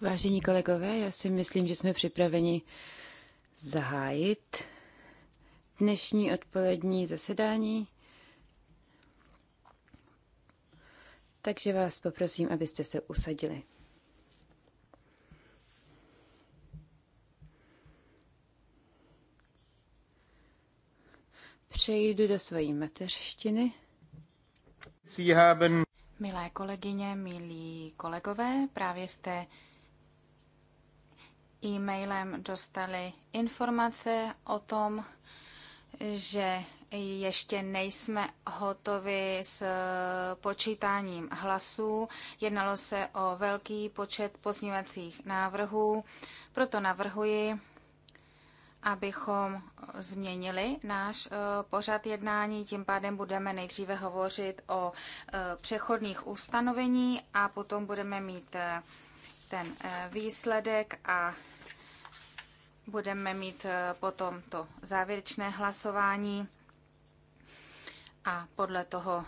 Vážení kolegové, já si myslím, že jsme připraveni zahájit dnešní odpolední zasedání. Takže vás poprosím, abyste se usadili. Přejdu do své mateřštiny. Sie haben Milé kolegyně, milí kolegové, právě jste e-mailem dostali informace o tom, že ještě nejsme hotovi s e, počítáním hlasů. Jednalo se o velký počet pozměňovacích návrhů, proto navrhuji, abychom eh, změnili náš eh, pořad jednání. Tím pádem budeme nejdříve hovořit o eh, přechodných ustanovení a potom budeme mít ten výsledek a budeme mít potom to závěrečné hlasování a podle toho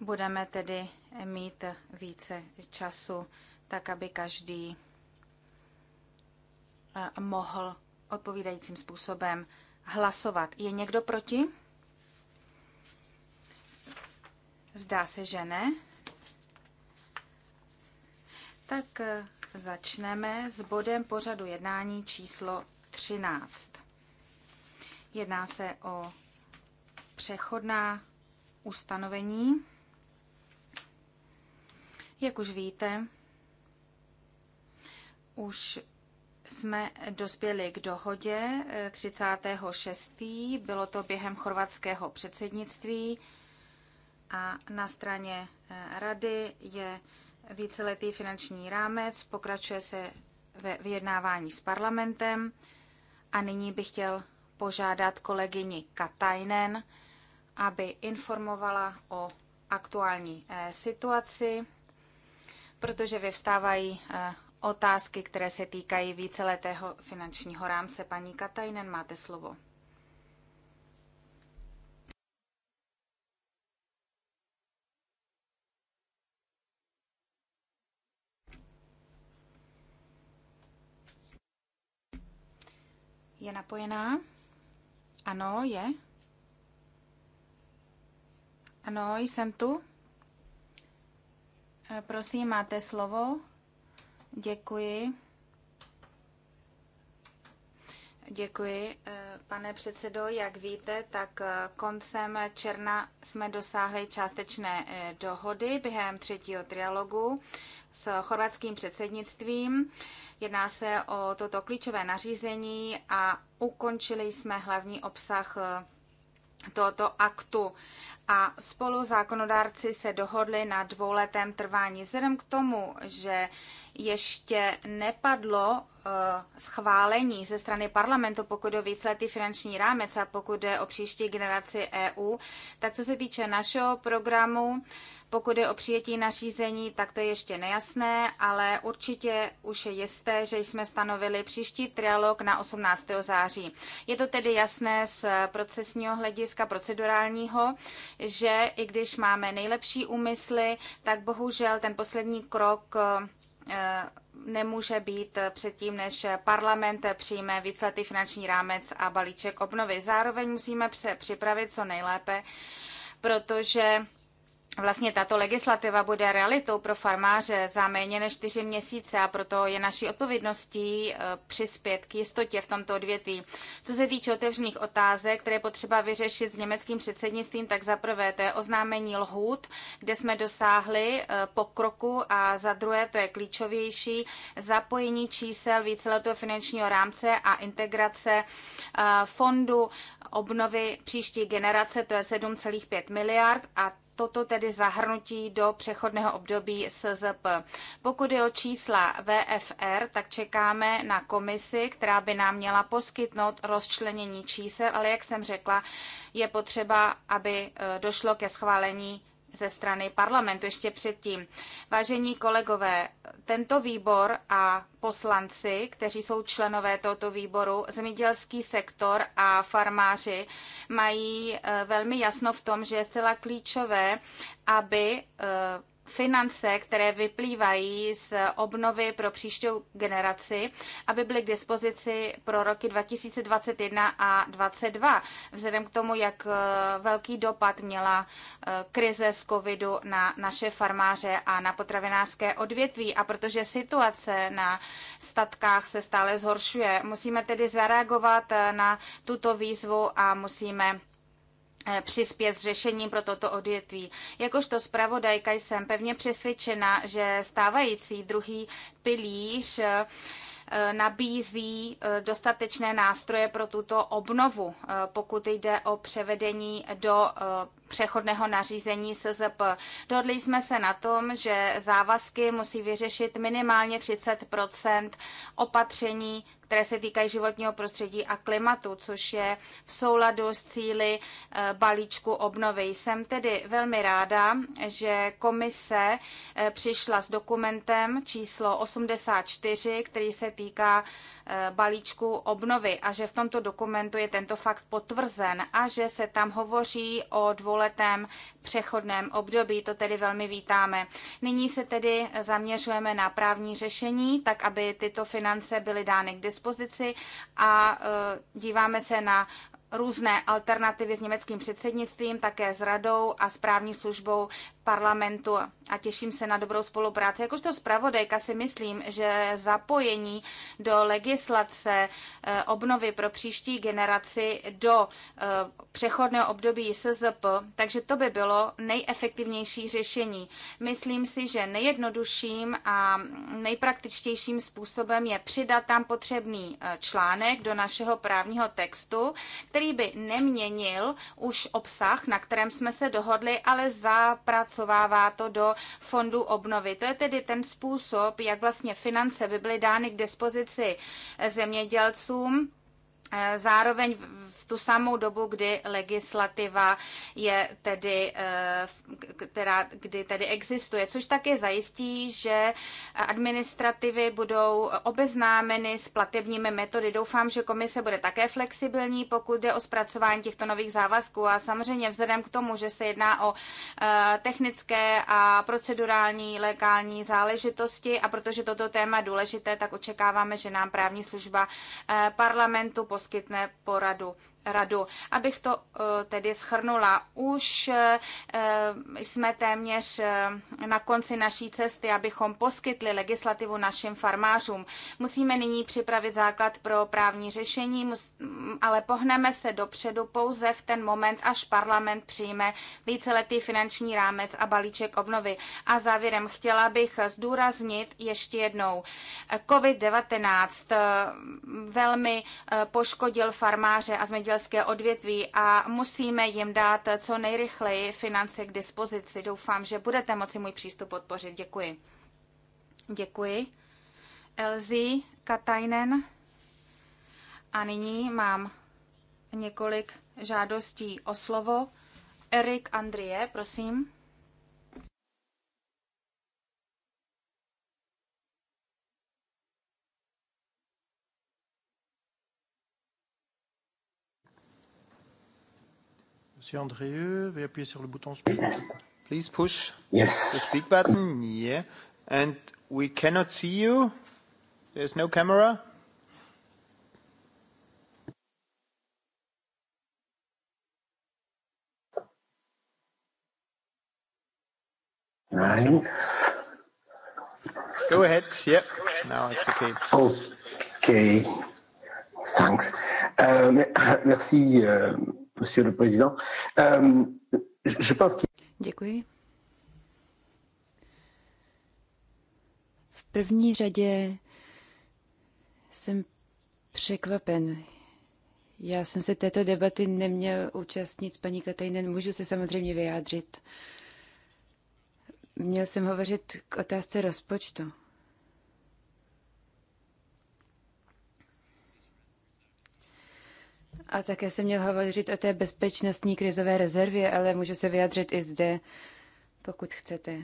budeme tedy mít více času, tak aby každý mohl odpovídajícím způsobem hlasovat. Je někdo proti? Zdá se, že ne. Tak eh, začneme s bodem pořadu jednání číslo 13. Jedná se o přechodná ustanovení. Jak už víte, už jsme dospěli k dohodě 36. Eh, Bylo to během chorvatského předsednictví a na straně eh, rady je víceletý finanční rámec, pokračuje se ve vyjednávání s parlamentem a nyní bych chtěl požádat kolegyni Katajnen, aby informovala o aktuální eh, situaci, protože vyvstávají otázky, které se týkají víceletého finančního rámce. Paní Katajnen, máte slovo. Je napojená? Ano, je. Ano, jsem tu. Prosím, máte slovo. Děkuji. Děkuji, eh, pane předsedo. Jak víte, tak eh, koncem června jsme dosáhli částečné eh, dohody během třetího trialogu s chorvatským předsednictvím. Jedná se o toto klíčové nařízení a ukončili jsme hlavní obsah tohoto aktu a spolu zákonodárci se dohodli na dvouletém trvání. Vzhledem k tomu, že ještě nepadlo eh, schválení ze strany parlamentu, pokud o víceletý finanční rámec a pokud jde o příští generaci EU, tak co se týče našeho programu, pokud je o přijetí nařízení, tak to je ještě nejasné, ale určitě už je jisté, že jsme stanovili příští trialog na 18. září. Je to tedy jasné z procesního hlediska, procedurálního, že i když máme nejlepší úmysly, tak bohužel ten poslední krok eh, nemůže být předtím, než parlament přijme víceletý finanční rámec a balíček obnovy. Zároveň musíme se připravit co nejlépe, protože vlastně tato legislativa bude realitou pro farmáře za méně než čtyři měsíce a proto je naší odpovědností eh, přispět k jistotě v tomto odvětví. Co se týče otevřených otázek, které je potřeba vyřešit s německým předsednictvím, tak za prvé to je oznámení lhůt, kde jsme dosáhli eh, pokroku a za druhé to je klíčovější zapojení čísel víceletého finančního rámce a integrace eh, fondu obnovy příští generace, to je 7,5 miliard a toto tedy zahrnutí do přechodného období SZP. Pokud je o čísla VFR, tak čekáme na komisi, která by nám měla poskytnout rozčlenění čísel, ale jak jsem řekla, je potřeba, aby eh, došlo ke schválení ze strany parlamentu ještě předtím. Vážení kolegové, tento výbor a poslanci, kteří jsou členové tohoto výboru, zemědělský sektor a farmáři mají eh, velmi jasno v tom, že je zcela klíčové, aby eh, finance, které vyplývají z obnovy pro příštou generaci, aby byly k dispozici pro roky 2021 a 2022, vzhledem k tomu, jak eh, velký dopad měla eh, krize z covidu na naše farmáře a na potravinářské odvětví. A protože situace na statkách se stále zhoršuje, musíme tedy zareagovat eh, na tuto výzvu a musíme Eh, přispět s řešením pro toto odvětví. Jakožto zpravodajka jsem pevně přesvědčena, že stávající druhý pilíř eh, nabízí eh, dostatečné nástroje pro tuto obnovu, pokud jde o převedení do přechodného nařízení SZP. Dohodli jsme se na tom, že závazky musí vyřešit minimálně 30 opatření, které se týkají životního prostředí a klimatu, což je v souladu s cíly eh, balíčku obnovy. Jsem tedy velmi ráda, že komise eh, přišla s dokumentem číslo 84, který se týká eh, balíčku obnovy a že v tomto dokumentu je tento fakt potvrzen a že se tam hovoří o dvou dvouletém přechodném období. To tedy velmi vítáme. Nyní se tedy zaměřujeme na právní řešení, tak aby tyto finance byly dány k dispozici a e, díváme se na různé alternativy s německým předsednictvím, také s radou a správní službou parlamentu a těším se na dobrou spolupráci. Jakožto zpravodajka si myslím, že zapojení do legislace eh, obnovy pro příští generaci do eh, přechodného období SZP, takže to by bylo nejefektivnější řešení. Myslím si, že nejjednodušším a nejpraktičtějším způsobem je přidat tam potřebný eh, článek do našeho právního textu, který který by neměnil už obsah, na kterém jsme se dohodli, ale zapracovává to do fondu obnovy. To je tedy ten způsob, jak vlastně finance by byly dány k dispozici zemědělcům Eh, zároveň v tu samou dobu, kdy legislativa je tedy, eh, která, kdy tedy existuje, což také zajistí, že administrativy budou obeznámeny s platebními metody. Doufám, že komise bude také flexibilní, pokud jde o zpracování těchto nových závazků a samozřejmě vzhledem k tomu, že se jedná o eh, technické a procedurální legální záležitosti a protože toto téma je důležité, tak očekáváme, že nám právní služba parlamentu poskytne poradu radu. Abych to eh, tedy schrnula, už eh, eh, jsme téměř na konci naší cesty, abychom poskytli legislativu našim farmářům. Musíme nyní připravit základ pro právní řešení, ale pohneme se dopředu pouze v ten moment, až parlament přijme víceletý finanční rámec a balíček obnovy. A závěrem chtěla bych zdůraznit ještě jednou. COVID-19 velmi poškodil farmáře a zemědělce zemědělské odvětví a musíme jim dát co nejrychleji finance k dispozici. Doufám, že budete moci můj přístup podpořit. Děkuji. Děkuji. Elzi Katajnen. A nyní mám několik žádostí o slovo. Erik Andrie, prosím. Monsieur Andrieux, veuillez appuyer sur le bouton speak. Please push yes. the speak button. Yeah. And we cannot see you. There's no camera. Nein. Go ahead. Yep. Yeah. Now it's okay. Okay. Thanks. Euh, merci. Euh, Monsieur le Président. Euh, je pense que... Děkuji. V první řadě jsem překvapen. Já jsem se této debaty neměl účastnit s paní Katajnen. Můžu se samozřejmě vyjádřit. Měl jsem hovořit k otázce rozpočtu. A také jsem měl hovořit o té bezpečnostní krizové rezervě, ale můžu se vyjádřit i zde, pokud chcete.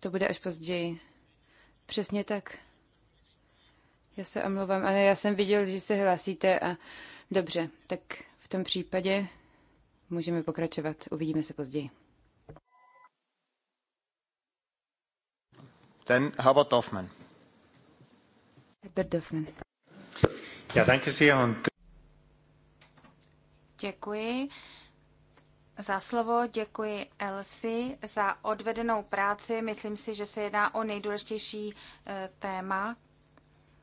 To bude až později. Přesně tak. Já se omlouvám, ale já jsem viděl, že se hlásíte a dobře, tak v tom případě můžeme pokračovat. Uvidíme se později. Ten Herbert Hoffman. Herbert Hoffman. Ja, danke sehr und Děkuji za slovo, děkuji Elsi za odvedenou práci. Myslím si, že se jedná o nejdůležitější eh, téma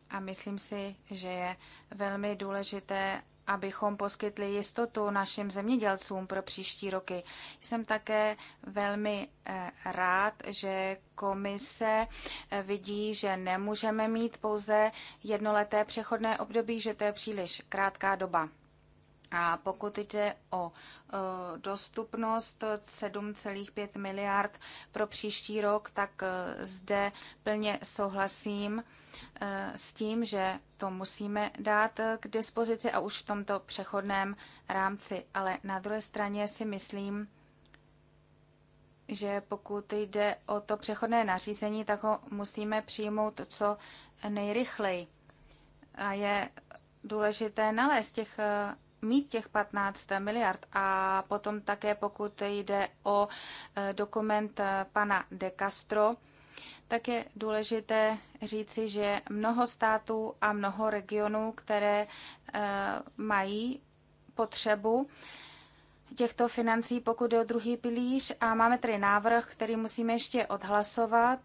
a myslím si, že je velmi důležité, abychom poskytli jistotu našim zemědělcům pro příští roky. Jsem také velmi eh, rád, že komise eh, vidí, že nemůžeme mít pouze jednoleté přechodné období, že to je příliš krátká doba. A pokud jde o e, dostupnost 7,5 miliard pro příští rok, tak e, zde plně souhlasím e, s tím, že to musíme dát k dispozici a už v tomto přechodném rámci. Ale na druhé straně si myslím, že pokud jde o to přechodné nařízení, tak ho musíme přijmout co nejrychleji. A je důležité nalézt těch mít těch 15 miliard. A potom také, pokud jde o eh, dokument eh, pana De Castro, tak je důležité říci, že mnoho států a mnoho regionů, které eh, mají potřebu, těchto financí, pokud jde o druhý pilíř. A máme tady návrh, který musíme ještě odhlasovat.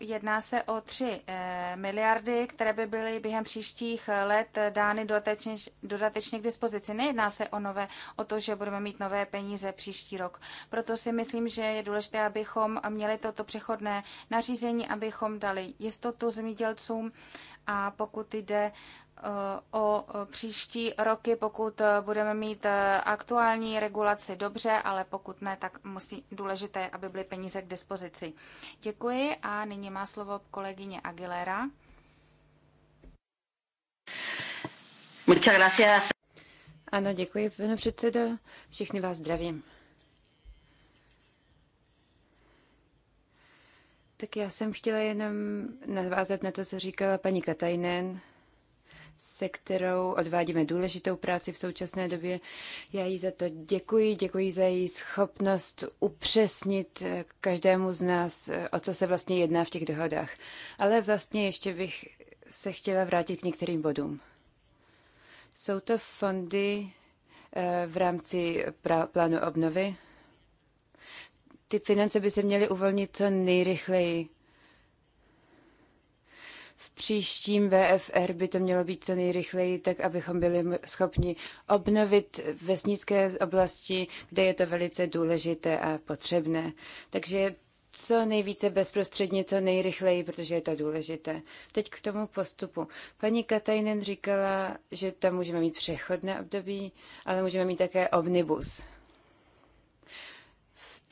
Jedná se o 3 eh, miliardy, které by byly během příštích eh, let dány dodatečně, dodatečně k dispozici. Nejedná se o, nové, o to, že budeme mít nové peníze příští rok. Proto si myslím, že je důležité, abychom měli toto přechodné nařízení, abychom dali jistotu zemědělcům. A pokud jde Eh, o příští roky, pokud eh, budeme mít eh, aktuální regulaci dobře, ale pokud ne, tak musí důležité, aby byly peníze k dispozici. Děkuji a nyní má slovo kolegyně Aguilera. Ano, děkuji, pane předsedo. Všichni vás zdravím. Tak já jsem chtěla jenom navázat na to, co říkala paní Katajnen se kterou odvádíme důležitou práci v současné době. Já jí za to děkuji, děkuji za její schopnost upřesnit eh, každému z nás, eh, o co se vlastně jedná v těch dohodách. Ale vlastně ještě bych se chtěla vrátit k některým bodům. Jsou to fondy eh, v rámci plánu obnovy. Ty finance by se měly uvolnit co nejrychleji v příštím VFR by to mělo být co nejrychleji, tak abychom byli schopni obnovit vesnické oblasti, kde je to velice důležité a potřebné. Takže co nejvíce bezprostředně, co nejrychleji, protože je to důležité. Teď k tomu postupu. Paní Katajnen říkala, že tam můžeme mít přechodné období, ale můžeme mít také omnibus.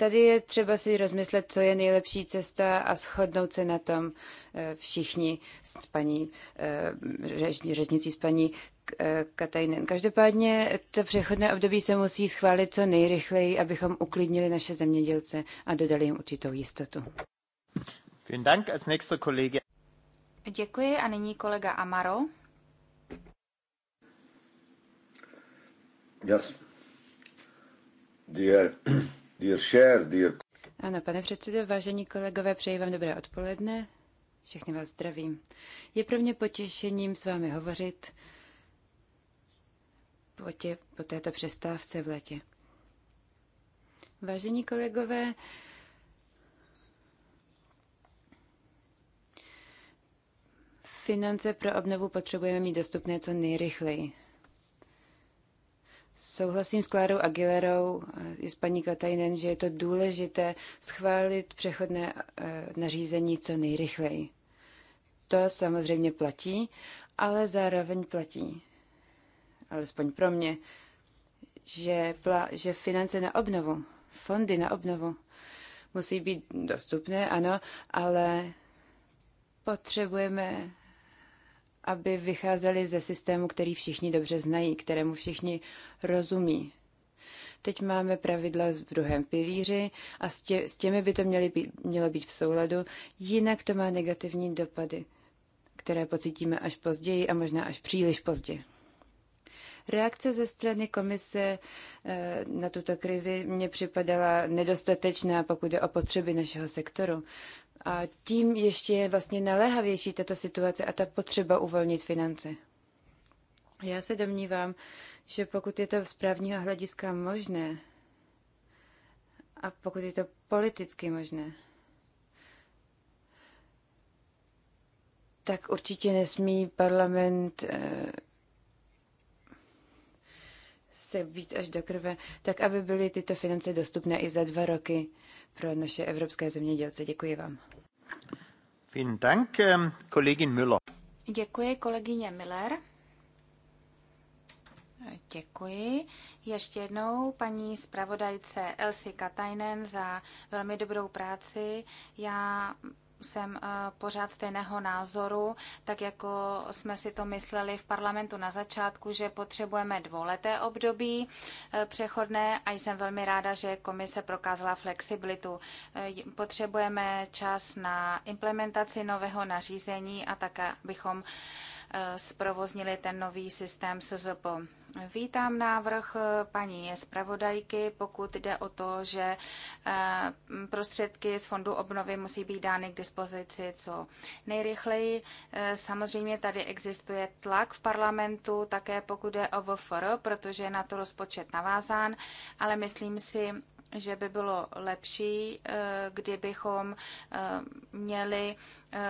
Tady je třeba si rozmyslet, co je nejlepší cesta a shodnout se na tom eh, všichni s paní eh, řečnicí, s paní eh, Katajnen. Každopádně to přechodné období se musí schválit co nejrychleji, abychom uklidnili naše zemědělce a dodali jim určitou jistotu. Děkuji a nyní kolega Amaro. Yes. Dear Dear share, dear... Ano, pane předsedo, vážení kolegové, přeji vám dobré odpoledne. Všechny vás zdravím. Je pro mě potěšením s vámi hovořit po, tě, po této přestávce v letě. Vážení kolegové, finance pro obnovu potřebujeme mít dostupné co nejrychleji. Souhlasím s Klárou Aguilerou i s paní Katajnen, že je to důležité schválit přechodné eh, nařízení co nejrychleji. To samozřejmě platí, ale zároveň platí, alespoň pro mě, že, pla, že finance na obnovu, fondy na obnovu musí být dostupné, ano, ale potřebujeme aby vycházeli ze systému, který všichni dobře znají, kterému všichni rozumí. Teď máme pravidla v druhém pilíři a s, tě, s těmi by to měly být, mělo být v souladu, jinak to má negativní dopady, které pocítíme až později a možná až příliš pozdě. Reakce ze strany komise eh, na tuto krizi mě připadala nedostatečná, pokud je o potřeby našeho sektoru. A tím ještě je vlastně naléhavější tato situace a ta potřeba uvolnit finance. Já se domnívám, že pokud je to z právního hlediska možné a pokud je to politicky možné, tak určitě nesmí parlament eh, se být až do krve, tak aby byly tyto finance dostupné i za dva roky pro naše evropské zemědělce. Děkuji vám. Vielen Dank, ähm, Kollegin Müller. Děkuji, kolegyně Miller. Děkuji. Ještě jednou paní zpravodajce Elsie Katainen za velmi dobrou práci. Já jsem eh, pořád stejného názoru, tak jako jsme si to mysleli v parlamentu na začátku, že potřebujeme dvouleté období eh, přechodné a jsem velmi ráda, že komise prokázala flexibilitu. Eh, potřebujeme čas na implementaci nového nařízení a také bychom zprovoznili ten nový systém SZP. Vítám návrh eh, paní zpravodajky, pokud jde o to, že eh, prostředky z fondu obnovy musí být dány k dispozici co nejrychleji. Eh, samozřejmě tady existuje tlak v parlamentu, také pokud jde o VFR, protože je na to rozpočet navázán, ale myslím si, že by bylo lepší, eh, kdybychom eh, měli eh,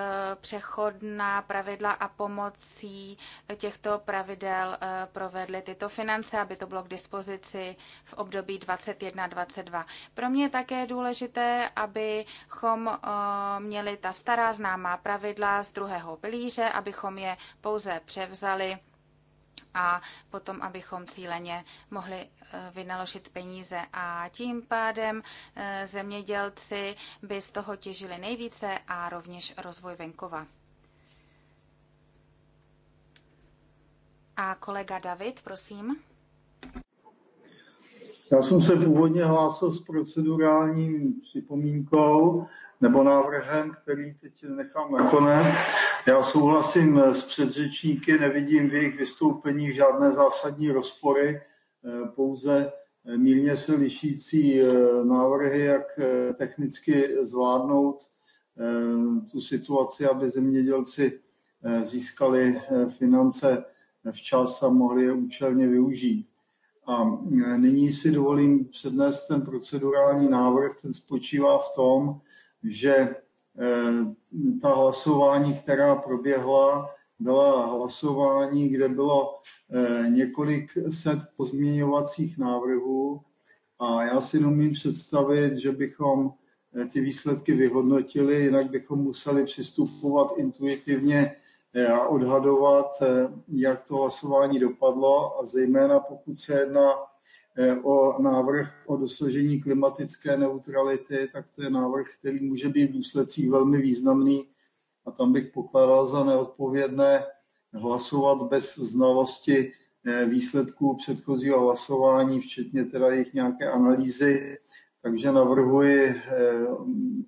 přechodná pravidla a pomocí těchto pravidel provedli tyto finance, aby to bylo k dispozici v období 21-22. Pro mě je také důležité, abychom měli ta stará známá pravidla z druhého pilíře, abychom je pouze převzali a potom, abychom cíleně mohli eh, vynaložit peníze. A tím pádem eh, zemědělci by z toho těžili nejvíce a rovněž rozvoj venkova. A kolega David, prosím. Já jsem se původně hlásil s procedurálním připomínkou, nebo návrhem, který teď nechám nakonec. Já souhlasím s předřečníky, nevidím v jejich vystoupení žádné zásadní rozpory, eh, pouze eh, mírně se lišící eh, návrhy, jak technicky zvládnout tu situaci, aby zemědělci získali finance včas a mohli je účelně využít. A nyní si dovolím přednést ten procedurální návrh, ten spočívá v tom, že eh, ta hlasování, která proběhla, byla hlasování, kde bylo eh, několik set pozměňovacích návrhů a já si neumím představit, že bychom eh, ty výsledky vyhodnotili, jinak bychom museli přistupovat intuitivně a odhadovat, jak to hlasování dopadlo a zejména pokud se jedná Eh, o návrh o dosažení klimatické neutrality, tak to je návrh, který může být v důsledcích velmi významný a tam bych pokládal za neodpovědné hlasovat bez znalosti eh, výsledků předchozího hlasování, včetně teda jejich nějaké analýzy. Takže navrhuji eh,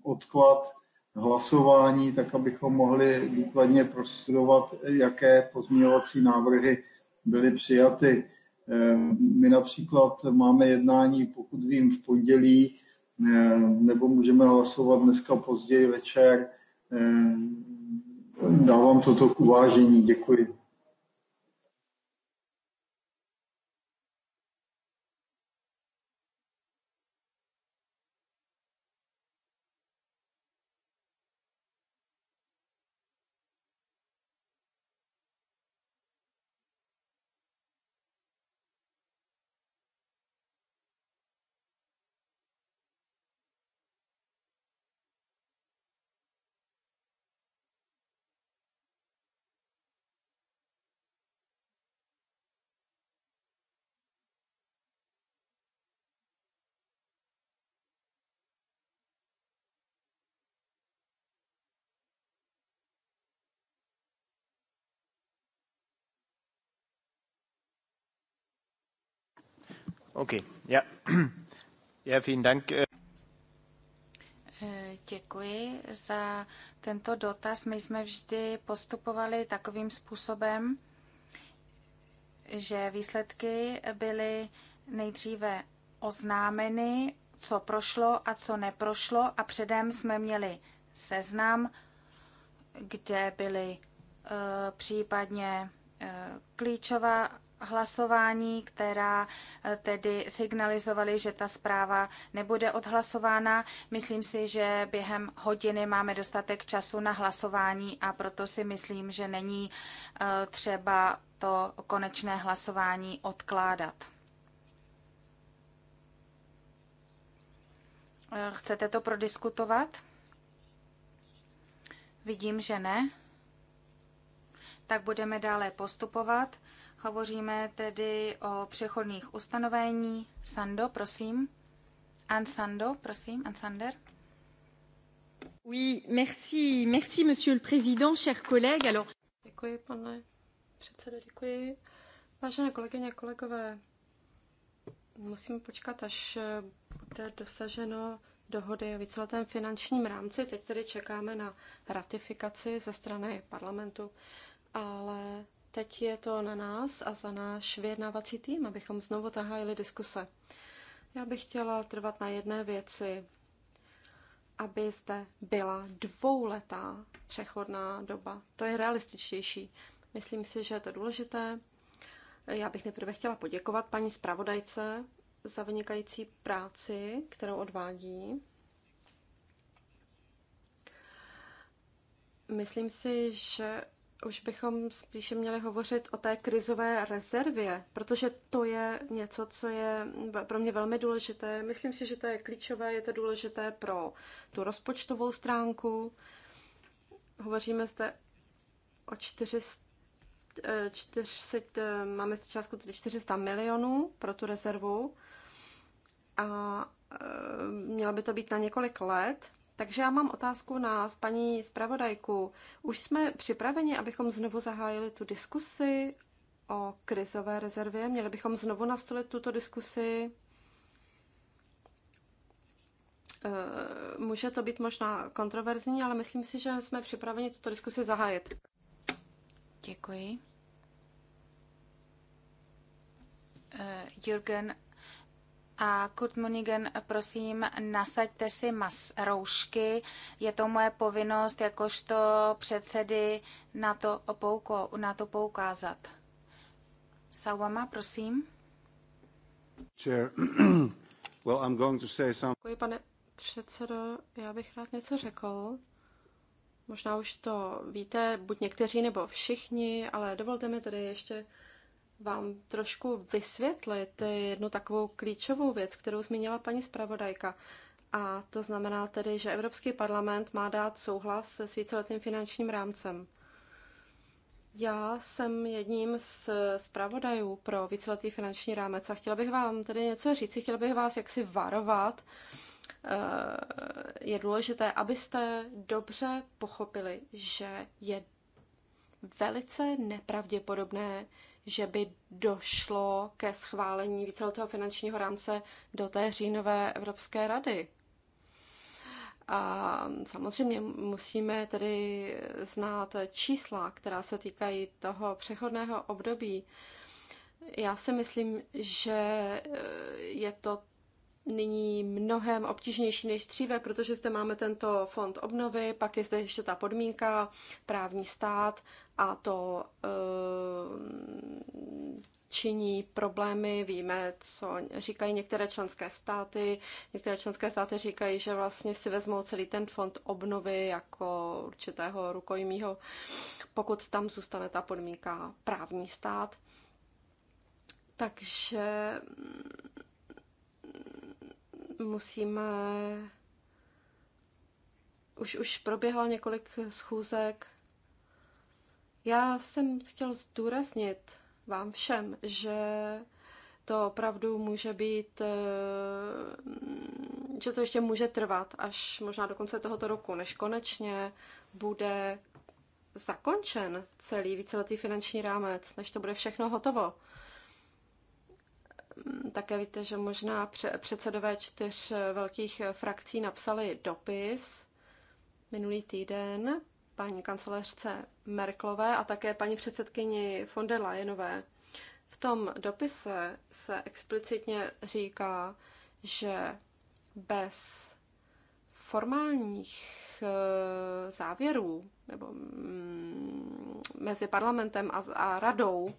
odklad hlasování, tak abychom mohli důkladně prostudovat, jaké pozměňovací návrhy byly přijaty. Eh, my například máme jednání, pokud vím, v pondělí, eh, nebo můžeme hlasovat dneska později večer. Eh, dávám toto k uvážení. Děkuji. OK. Äh. Eh, děkuji za tento dotaz. My jsme vždy postupovali takovým způsobem, že výsledky byly nejdříve oznámeny, co prošlo a co neprošlo a předem jsme měli seznam, kde byly eh, případně eh, klíčová hlasování, která eh, tedy signalizovali, že ta zpráva nebude odhlasována. Myslím si, že během hodiny máme dostatek času na hlasování a proto si myslím, že není eh, třeba to konečné hlasování odkládat. Eh, chcete to prodiskutovat? Vidím, že ne. Tak budeme dále postupovat. Hovoříme tedy o přechodných ustanovení. Sando, prosím. An Sando, prosím. An Sander. Oui, merci, merci, monsieur le président, chers collègues. Alors... Děkuji, pane předsedo, děkuji. Vážené kolegyně kolegové, musíme počkat, až eh, bude dosaženo dohody o víceletém finančním rámci. Teď tedy čekáme na ratifikaci ze strany parlamentu, ale Teď je to na nás a za náš vyjednávací tým, abychom znovu zahájili diskuse. Já bych chtěla trvat na jedné věci, aby zde byla dvouletá přechodná doba. To je realističtější. Myslím si, že je to důležité. Já bych nejprve chtěla poděkovat paní zpravodajce za vynikající práci, kterou odvádí. Myslím si, že už bychom spíše měli hovořit o té krizové rezervě, protože to je něco, co je pro mě velmi důležité. Myslím si, že to je klíčové, je to důležité pro tu rozpočtovou stránku. Hovoříme zde o 400, 400 eh, eh, máme zde částku 400 milionů pro tu rezervu a eh, mělo by to být na několik let. Takže já mám otázku na paní zpravodajku. Už jsme připraveni, abychom znovu zahájili tu diskusi o krizové rezervě? Měli bychom znovu nastolit tuto diskusi? Eh, může to být možná kontroverzní, ale myslím si, že jsme připraveni tuto diskusi zahájit. Děkuji. Eh, Jürgen a Kurt Munigen, prosím, nasaďte si mas roušky. Je to moje povinnost jakožto předsedy na to, opouko, na to poukázat. Sawama, prosím. Chair. well, I'm going to say some... Děkuji, pane předsedo. Já bych rád něco řekl. Možná už to víte, buď někteří nebo všichni, ale dovolte mi tedy ještě vám trošku vysvětlit jednu takovou klíčovou věc, kterou zmínila paní zpravodajka. A to znamená tedy, že Evropský parlament má dát souhlas s svíceletým finančním rámcem. Já jsem jedním z zpravodajů pro víceletý finanční rámec a chtěla bych vám tedy něco říct, chtěla bych vás jaksi varovat. Eh, je důležité, abyste dobře pochopili, že je velice nepravděpodobné, že by došlo ke schválení víceletého finančního rámce do té říjnové Evropské rady. A samozřejmě musíme tedy znát čísla, která se týkají toho přechodného období. Já si myslím, že je to nyní mnohem obtížnější než dříve, protože zde máme tento fond obnovy, pak je zde ještě ta podmínka, právní stát a to eh, činí problémy. Víme, co říkají některé členské státy. Některé členské státy říkají, že vlastně si vezmou celý ten fond obnovy jako určitého rukojmího, pokud tam zůstane ta podmínka právní stát. Takže musíme už, už proběhlo několik schůzek. Já jsem chtěl zdůraznit vám všem, že to opravdu může být, eh, že to ještě může trvat až možná do konce tohoto roku, než konečně bude zakončen celý víceletý finanční rámec, než to bude všechno hotovo. Mm, také víte, že možná předsedové čtyř velkých frakcí napsali dopis minulý týden paní kancelářce Merklové a také paní předsedkyni von der Leyenové. V tom dopise se explicitně říká, že bez formálních e, závěrů nebo mm, mezi parlamentem a, a radou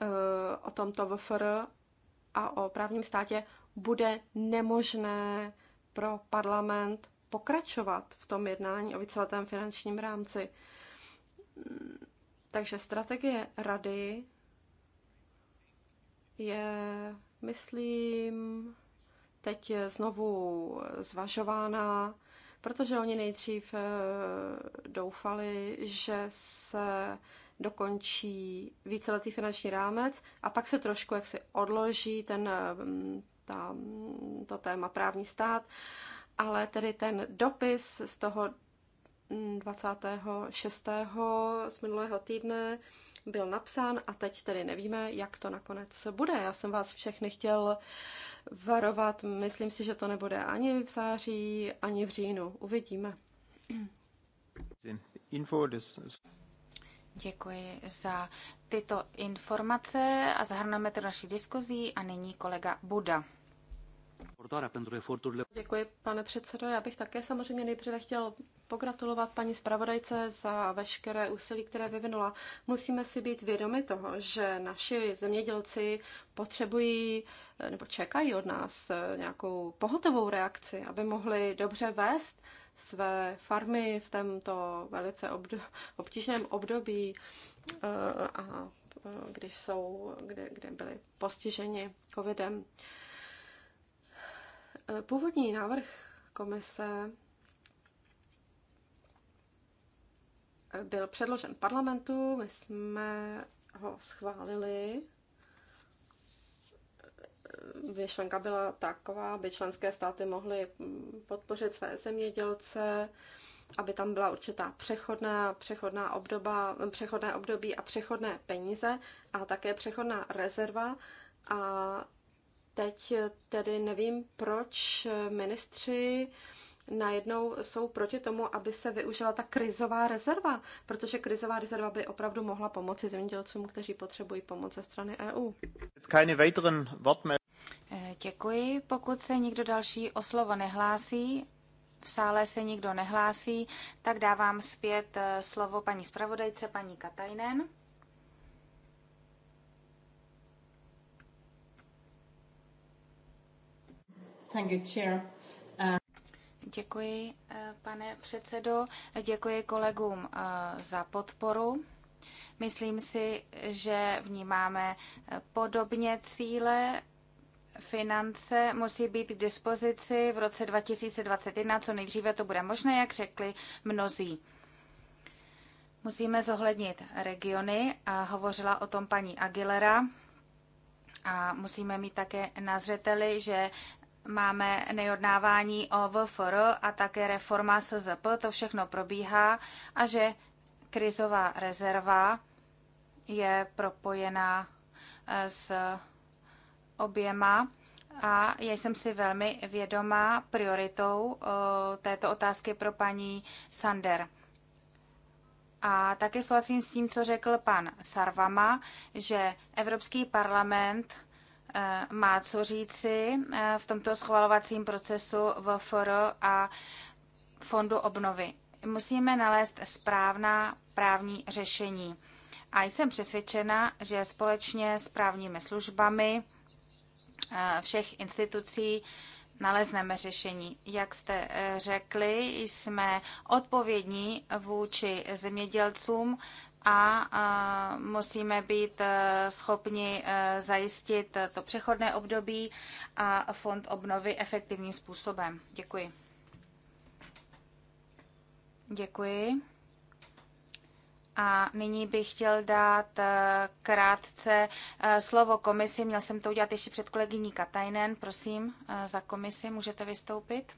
Eh, o tomto VFR a o právním státě bude nemožné pro parlament pokračovat v tom jednání o víceletém finančním rámci. Mm, takže strategie rady je, myslím, teď znovu zvažována, protože oni nejdřív eh, doufali, že se dokončí víceletý finanční rámec a pak se trošku jak si odloží ten, mm, ta, mm, to téma právní stát, ale tedy ten dopis z toho 26. Mm, z minulého týdne byl napsán a teď tedy nevíme, jak to nakonec bude. Já jsem vás všechny chtěl varovat, myslím si, že to nebude ani v září, ani v říjnu. Uvidíme. Info, Děkuji za tyto informace a zahrneme to naší diskuzí a nyní kolega Buda. Děkuji, pane předsedo. Já bych také samozřejmě nejprve chtěl pogratulovat paní zpravodajce za veškeré úsilí, které vyvinula. Musíme si být vědomi toho, že naši zemědělci potřebují nebo čekají od nás nějakou pohotovou reakci, aby mohli dobře vést své farmy v tomto velice obd- obtížném období eh, a eh, když jsou, kde, kde byli postiženi covidem. Eh, původní návrh komise byl předložen parlamentu, my jsme ho schválili myšlenka byla taková, aby členské státy mohly podpořit své zemědělce, aby tam byla určitá přechodná, přechodná obdoba, přechodné období a přechodné peníze a také přechodná rezerva. A teď tedy nevím, proč ministři najednou jsou proti tomu, aby se využila ta krizová rezerva, protože krizová rezerva by opravdu mohla pomoci zemědělcům, kteří potřebují pomoc ze strany EU. Eh, děkuji. Pokud se nikdo další o slovo nehlásí, v sále se nikdo nehlásí, tak dávám zpět eh, slovo paní zpravodajce, paní Katajnen. Thank you, Chair. Eh, děkuji, pane předsedo. Děkuji kolegům za podporu. Myslím si, že vnímáme podobně cíle finance musí být k dispozici v roce 2021, co nejdříve to bude možné, jak řekli mnozí. Musíme zohlednit regiony, a hovořila o tom paní Aguilera, a musíme mít také na zřeteli, že máme nejodnávání o VFR a také reforma SZP, to všechno probíhá a že krizová rezerva je propojená s oběma a já jsem si velmi vědomá prioritou eh, této otázky pro paní Sander. A také souhlasím s tím, co řekl pan Sarvama, že Evropský parlament eh, má co říci eh, v tomto schvalovacím procesu FOR a fondu obnovy. Musíme nalézt správná právní řešení. A jsem přesvědčena, že společně s právními službami všech institucí nalezneme řešení. Jak jste eh, řekli, jsme odpovědní vůči zemědělcům a musíme být eh, schopni eh, zajistit to přechodné období a fond obnovy efektivním způsobem. Děkuji. Děkuji. A nyní bych chtěl dát eh, krátce eh, slovo komisi. Měl jsem to udělat ještě před kolegyní Katajnen. Prosím, eh, za komisi můžete vystoupit.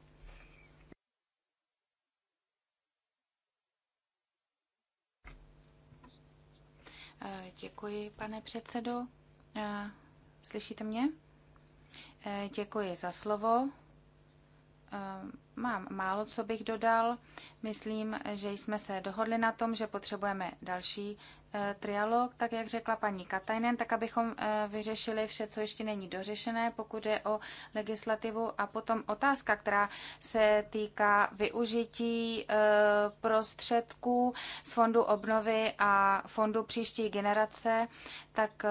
Děkuji, pane předsedo. Slyšíte mě? Děkuji za slovo. Mám málo, co bych dodal. Myslím, že jsme se dohodli na tom, že potřebujeme další e, trialog, tak jak řekla paní Katajnen, tak abychom e, vyřešili vše, co ještě není dořešené, pokud je o legislativu. A potom otázka, která se týká využití e, prostředků z Fondu obnovy a Fondu příští generace, tak e,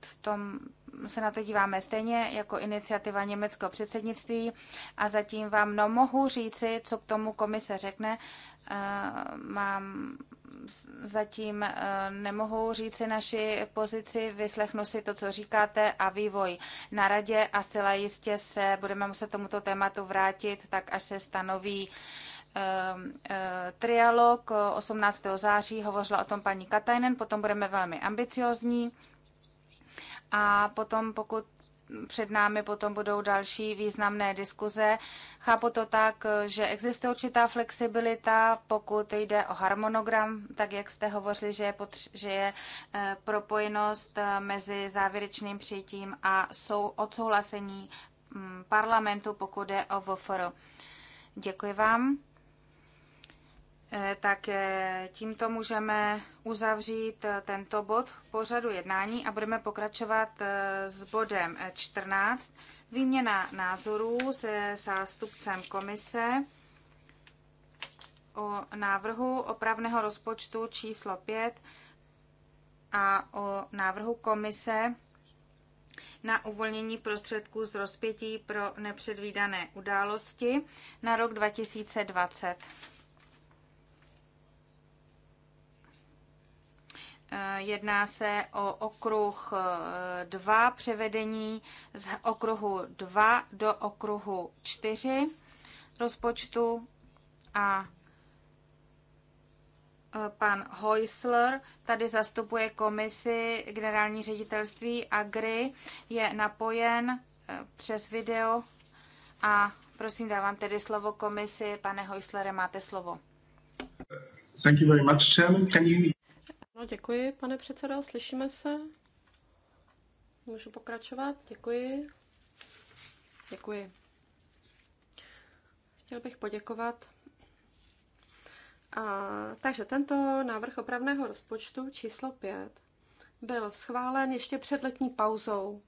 v tom se na to díváme stejně jako iniciativa německého předsednictví a zatím vám no, mohu říci, co k tomu komise řekne. Eh, mám zatím eh, nemohu říci naši pozici, vyslechnu si to, co říkáte a vývoj na radě a zcela jistě se budeme muset tomuto tématu vrátit, tak až se stanoví ehm, eh, trialog 18. září, hovořila o tom paní Katajnen, potom budeme velmi ambiciozní a potom pokud před námi potom budou další významné diskuze. Chápu to tak, že existuje určitá flexibilita, pokud jde o harmonogram, tak jak jste hovořili, že je, potř- že je eh, propojenost eh, mezi závěrečným přijetím a sou- odsouhlasení mm, parlamentu, pokud jde o VFR. Děkuji vám. Eh, tak eh, tímto můžeme uzavřít eh, tento bod v pořadu jednání a budeme pokračovat s bodem 14. Výměna názorů se zástupcem komise o návrhu opravného rozpočtu číslo 5 a o návrhu komise na uvolnění prostředků z rozpětí pro nepředvídané události na rok 2020. Eh, jedná se o okruh 2, eh, převedení z okruhu 2 do okruhu 4 rozpočtu a eh, pan Heusler tady zastupuje komisi generální ředitelství Agri, je napojen přes video a prosím dávám tedy slovo komisi. Pane Heuslere, máte slovo. Thank you very much, Chairman. Can you... No, děkuji, pane předsedo, slyšíme se. Můžu pokračovat? Děkuji. Děkuji. Chtěl bych poděkovat. A, takže tento návrh opravného rozpočtu číslo 5 byl schválen ještě před letní pauzou.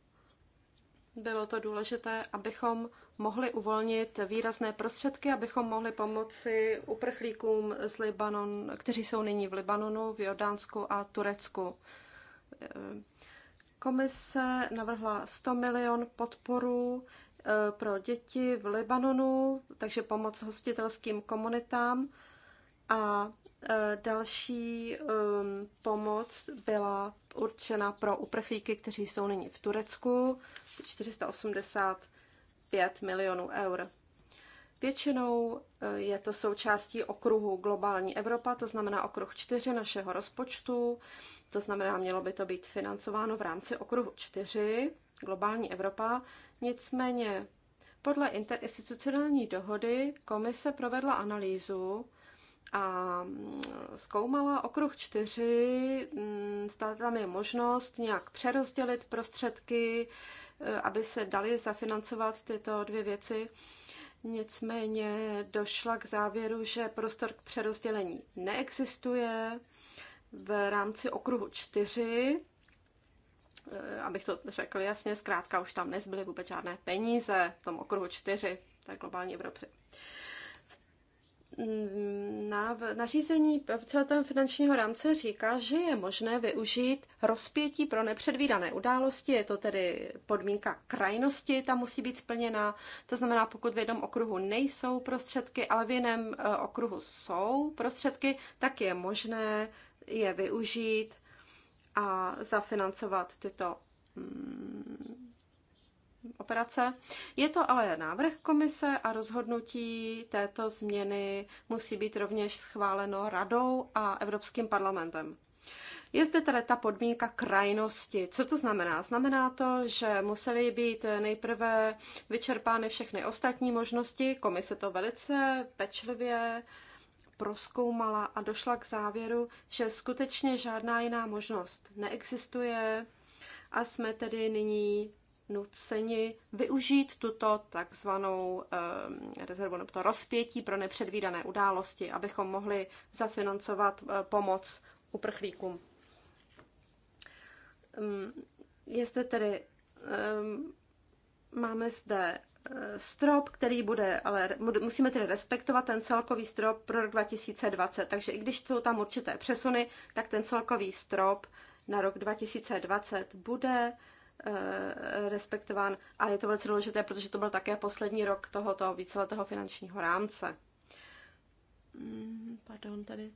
Bylo to důležité, abychom mohli uvolnit výrazné prostředky, abychom mohli pomoci uprchlíkům z Libanon, kteří jsou nyní v Libanonu, v Jordánsku a Turecku. Komise navrhla 100 milion podporu eh, pro děti v Libanonu, takže pomoc hostitelským komunitám a Eh, další um, pomoc byla určena pro uprchlíky, kteří jsou nyní v Turecku, 485 milionů eur. Většinou eh, je to součástí okruhu Globální Evropa, to znamená okruh 4 našeho rozpočtu, to znamená, mělo by to být financováno v rámci okruhu 4 Globální Evropa. Nicméně podle interinstitucionální dohody komise provedla analýzu, a mm, zkoumala okruh čtyři. Stále mm, tam je možnost nějak přerozdělit prostředky, e, aby se dali zafinancovat tyto dvě věci. Nicméně došla k závěru, že prostor k přerozdělení neexistuje v rámci okruhu čtyři. E, abych to řekl jasně, zkrátka už tam nezbyly vůbec žádné peníze v tom okruhu čtyři té globální Evropy nařízení celého finančního rámce říká, že je možné využít rozpětí pro nepředvídané události, je to tedy podmínka krajnosti, ta musí být splněna, to znamená, pokud v jednom okruhu nejsou prostředky, ale v jiném e, okruhu jsou prostředky, tak je možné je využít a zafinancovat tyto mm, operace. Je to ale návrh komise a rozhodnutí této změny musí být rovněž schváleno radou a Evropským parlamentem. Je zde tedy ta podmínka krajnosti. Co to znamená? Znamená to, že musely být nejprve vyčerpány všechny ostatní možnosti. Komise to velice pečlivě proskoumala a došla k závěru, že skutečně žádná jiná možnost neexistuje a jsme tedy nyní nuceni využít tuto takzvanou eh, rezervu nebo to rozpětí pro nepředvídané události, abychom mohli zafinancovat eh, pomoc uprchlíkům. Ehm, je zde tedy, ehm, máme zde eh, strop, který bude, ale musíme tedy respektovat ten celkový strop pro rok 2020. Takže i když jsou tam určité přesuny, tak ten celkový strop na rok 2020 bude Eh, respektován. A je to velice důležité, protože to byl také poslední rok tohoto víceletého finančního rámce. Mm, pardon, tady.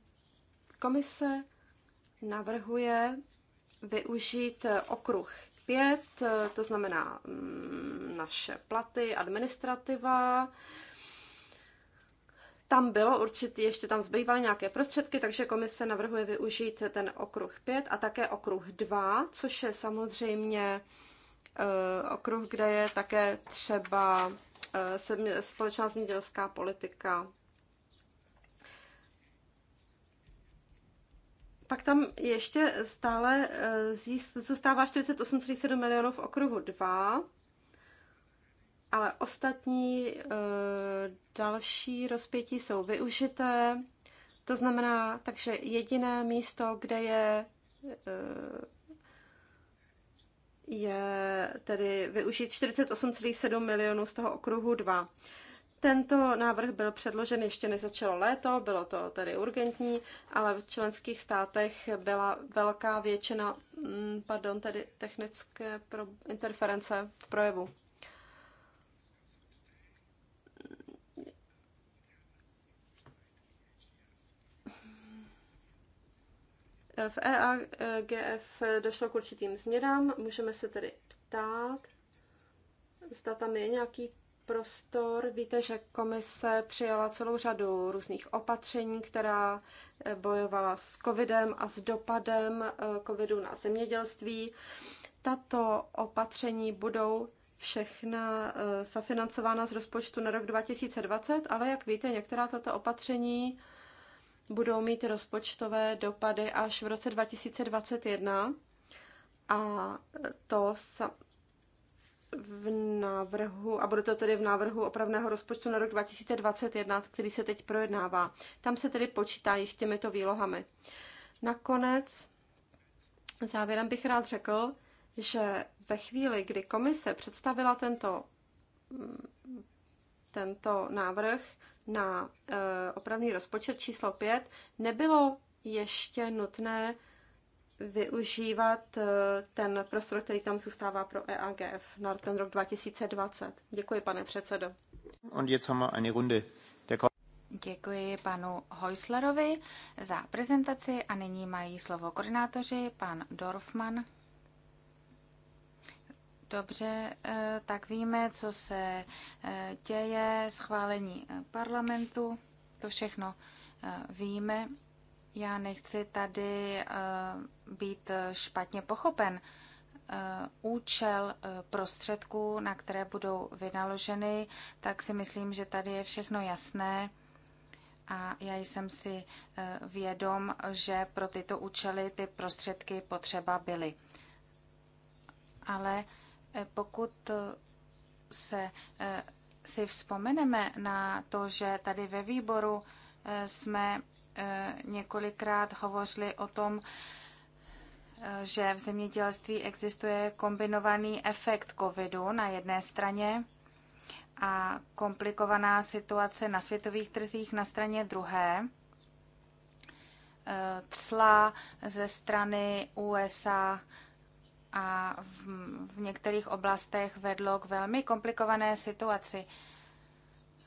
Komise navrhuje využít okruh 5, eh, to znamená mm, naše platy, administrativa, tam bylo určitý, ještě tam zbývaly nějaké prostředky, takže komise navrhuje využít ten okruh 5 a také okruh 2, což je samozřejmě eh, okruh, kde je také třeba eh, společná zemědělská politika. Pak tam ještě stále eh, zůstává 48,7 milionů v okruhu 2 ale ostatní eh, další rozpětí jsou využité. To znamená, takže jediné místo, kde je eh, je tedy využít 48,7 milionů z toho okruhu 2. Tento návrh byl předložen ještě než začalo léto, bylo to tedy urgentní, ale v členských státech byla velká většina, mm, pardon, tedy technické interference v projevu. V EAGF došlo k určitým změnám, můžeme se tedy ptát, zda tam je nějaký prostor. Víte, že komise přijala celou řadu různých opatření, která eh, bojovala s covidem a s dopadem eh, covidu na zemědělství. Tato opatření budou všechna eh, zafinancována z rozpočtu na rok 2020, ale jak víte, některá tato opatření budou mít rozpočtové dopady až v roce 2021 a to v návrhu, a bude to tedy v návrhu opravného rozpočtu na rok 2021, který se teď projednává. Tam se tedy počítá již s těmito výlohami. Nakonec závěrem bych rád řekl, že ve chvíli, kdy komise představila tento, mm, tento návrh, na eh, opravný rozpočet číslo 5 nebylo ještě nutné využívat eh, ten prostor, který tam zůstává pro EAGF na ten rok 2020. Děkuji, pane předsedo. Und jetzt haben wir eine Runde. Děkuji panu Heuslerovi za prezentaci a nyní mají slovo koordinátoři pan Dorfman, Dobře, eh, tak víme, co se eh, děje, schválení eh, parlamentu, to všechno víme. Já nechci tady být špatně pochopen. Účel prostředků, na které budou vynaloženy, tak si myslím, že tady je všechno jasné a já jsem si vědom, že pro tyto účely ty prostředky potřeba byly. Ale Eh, pokud eh, se eh, si vzpomeneme na to, že tady ve výboru jsme několikrát hovořili o tom, že v zemědělství existuje kombinovaný efekt covidu na jedné straně a komplikovaná situace na světových trzích na straně druhé. Cla ze strany USA a v, v některých oblastech vedlo k velmi komplikované situaci.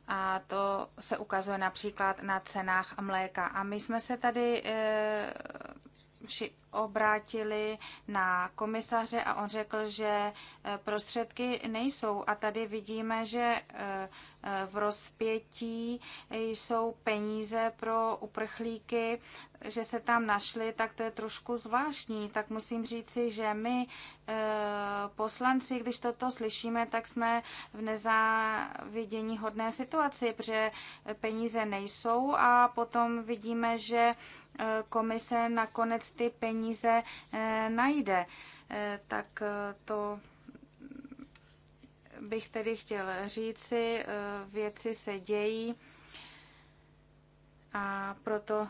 A to se ukazuje například na cenách mléka. A my jsme se tady e, vši, obrátili na komisaře a on řekl, že e, prostředky nejsou. A tady vidíme, že e, e, v rozpětí jsou peníze pro uprchlíky, že se tam našli, tak to je trošku zvláštní. Tak musím říci, že my poslanci, když toto slyšíme, tak jsme v nezávidění hodné situaci, protože peníze nejsou a potom vidíme, že Eh, komise nakonec ty peníze eh, najde. Eh, tak to bych tedy chtěl říci, věci se dějí a proto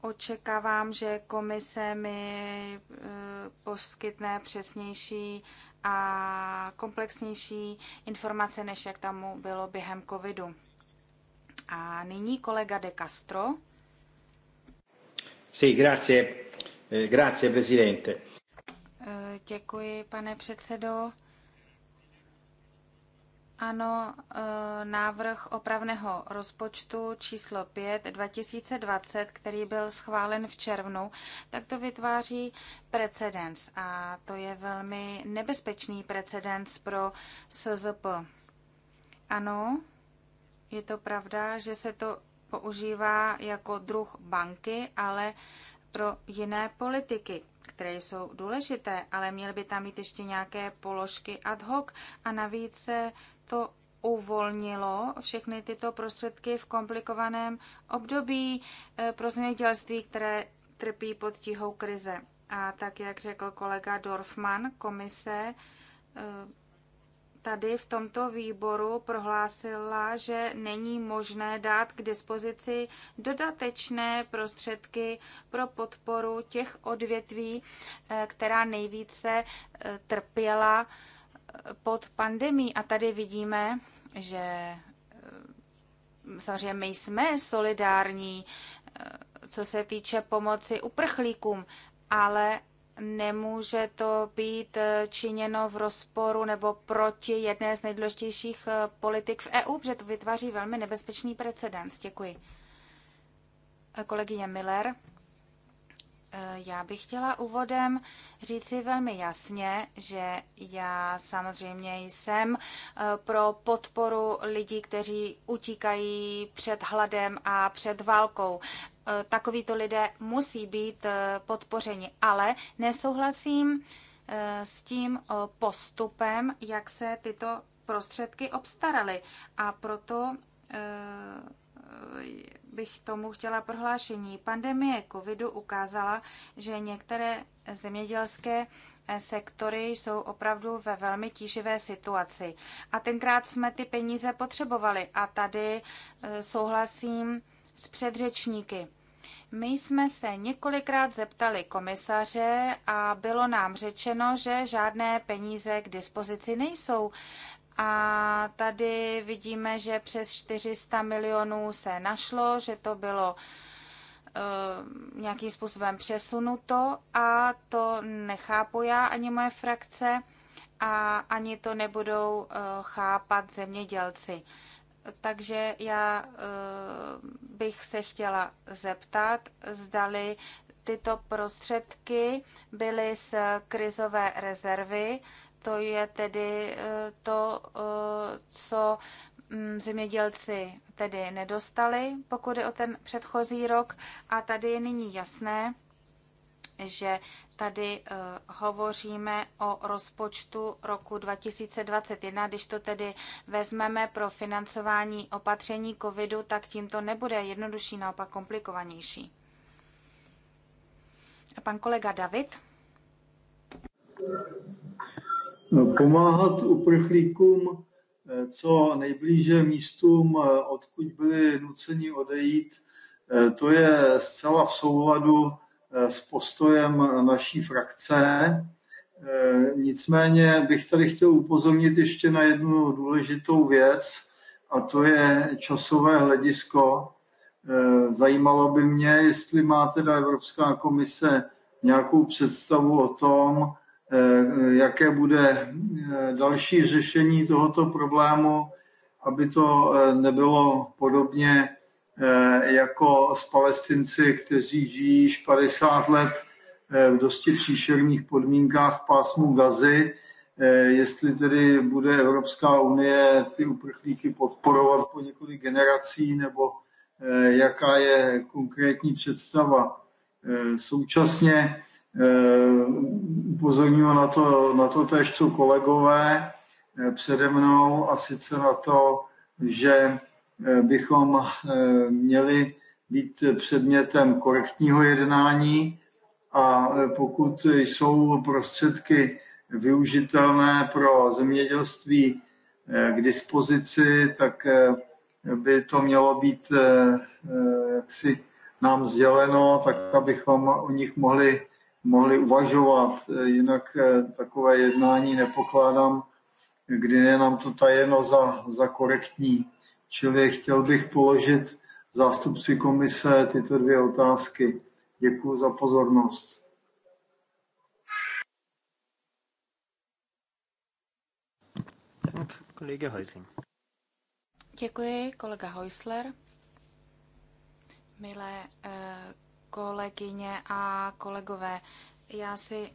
očekávám, že komise mi poskytne přesnější a komplexnější informace, než jak tam bylo během covidu. A nyní kolega de Castro. Sí, grazie. Eh, grazie, presidente. Eh, děkuji, pane předsedo. Ano, eh, návrh opravného rozpočtu číslo 5 2020, který byl schválen v červnu, tak to vytváří precedens a to je velmi nebezpečný precedens pro SZP. Ano, je to pravda, že se to používá jako druh banky, ale pro jiné politiky, které jsou důležité, ale měly by tam být ještě nějaké položky ad hoc a navíc se to uvolnilo všechny tyto prostředky v komplikovaném období eh, pro zemědělství, které trpí pod tíhou krize. A tak, jak řekl kolega Dorfman, komise eh, tady v tomto výboru prohlásila, že není možné dát k dispozici dodatečné prostředky pro podporu těch odvětví, eh, která nejvíce eh, trpěla eh, pod pandemí. A tady vidíme, že samozřejmě my jsme solidární, co se týče pomoci uprchlíkům, ale nemůže to být eh, činěno v rozporu nebo proti jedné z nejdůležitějších eh, politik v EU, protože to vytváří velmi nebezpečný precedens. Děkuji. Eh, kolegyně Miller. Já bych chtěla úvodem říci velmi jasně, že já samozřejmě jsem pro podporu lidí, kteří utíkají před hladem a před válkou. Eh, takovýto lidé musí být eh, podpořeni. Ale nesouhlasím eh, s tím postupem, jak se tyto prostředky obstaraly. A proto bych tomu chtěla prohlášení. Pandemie covidu ukázala, že některé zemědělské sektory jsou opravdu ve velmi tíživé situaci. A tenkrát jsme ty peníze potřebovali. A tady souhlasím s předřečníky. My jsme se několikrát zeptali komisaře a bylo nám řečeno, že žádné peníze k dispozici nejsou. A tady vidíme, že přes 400 milionů se našlo, že to bylo eh, nějakým způsobem přesunuto a to nechápu já ani moje frakce a ani to nebudou eh, chápat zemědělci. Takže já eh, bych se chtěla zeptat, zdali tyto prostředky byly z krizové rezervy. To je tedy eh, to, eh, co mm, zemědělci tedy nedostali, pokud je o ten předchozí rok. A tady je nyní jasné, že tady eh, hovoříme o rozpočtu roku 2021. Když to tedy vezmeme pro financování opatření covidu, tak tím to nebude jednodušší, naopak komplikovanější. A pan kolega David? No, pomáhat uprchlíkům eh, co nejblíže místům, eh, odkud byli nuceni odejít, to je zcela v souladu Eh, s postojem naší frakce. Eh, nicméně bych tady chtěl upozornit ještě na jednu důležitou věc, a to je časové hledisko. Eh, zajímalo by mě, jestli má teda Evropská komise nějakou představu o tom, jaké bude další řešení tohoto problému, aby to nebylo podobně Eh, jako s palestinci, kteří žijí již 50 let eh, v dosti příšerných podmínkách pásmu Gazy, eh, jestli tedy bude Evropská unie ty uprchlíky podporovat po několik generací, nebo jaká je konkrétní představa. Současně upozorňuji na to, na to tež, co kolegové přede mnou, a sice na to, že Eh, bychom eh, měli být předmětem korektního jednání a eh, pokud jsou prostředky využitelné pro zemědělství k dispozici, tak by to mělo být jaksi nám sděleno, tak abychom o nich mohli, mohli uvažovat. Jinak takové jednání nepokládám, kdy je nám to tajeno za, za korektní. Čili chtěl bych položit zástupci Komise tyto dvě otázky. Děkuji za pozornost. Kolega Děkuji, kolega Heusler. Milé eh, kolegyně a kolegové, já si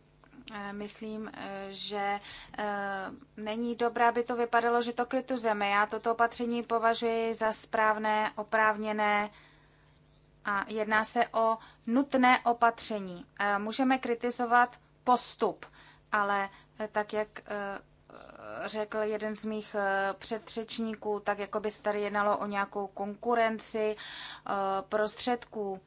Eh, myslím, eh, že eh, není dobré, aby to vypadalo, že to kritizujeme. Já toto opatření považuji za správné, oprávněné a jedná se o nutné opatření. Můžeme kritizovat postup, ale tak, jak řekl jeden z mých předřečníků, tak jako by se tady jednalo o nějakou konkurenci prostředků,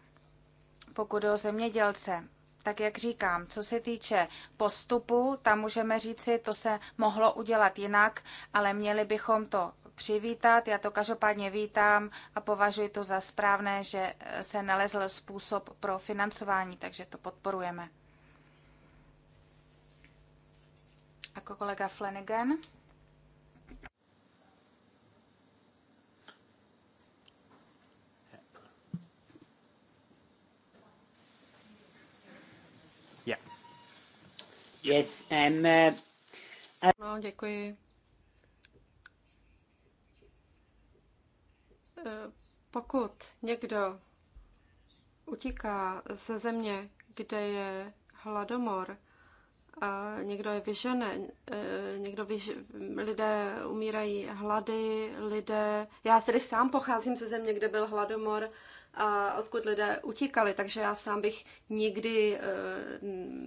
pokud o zemědělce tak jak říkám, co se týče postupu, tam můžeme říci, to se mohlo udělat jinak, ale měli bychom to přivítat. Já to každopádně vítám a považuji to za správné, že eh, se nalezl způsob pro financování, takže to podporujeme. Ako kolega Flanagan. jsem... Uh, no, děkuji. Eh, pokud někdo utíká ze země, kde je hladomor, a někdo je vyžené, eh, někdo vyž, lidé umírají hlady, lidé... Já tedy sám pocházím ze země, kde byl hladomor a odkud lidé utíkali. Takže já sám bych nikdy eh,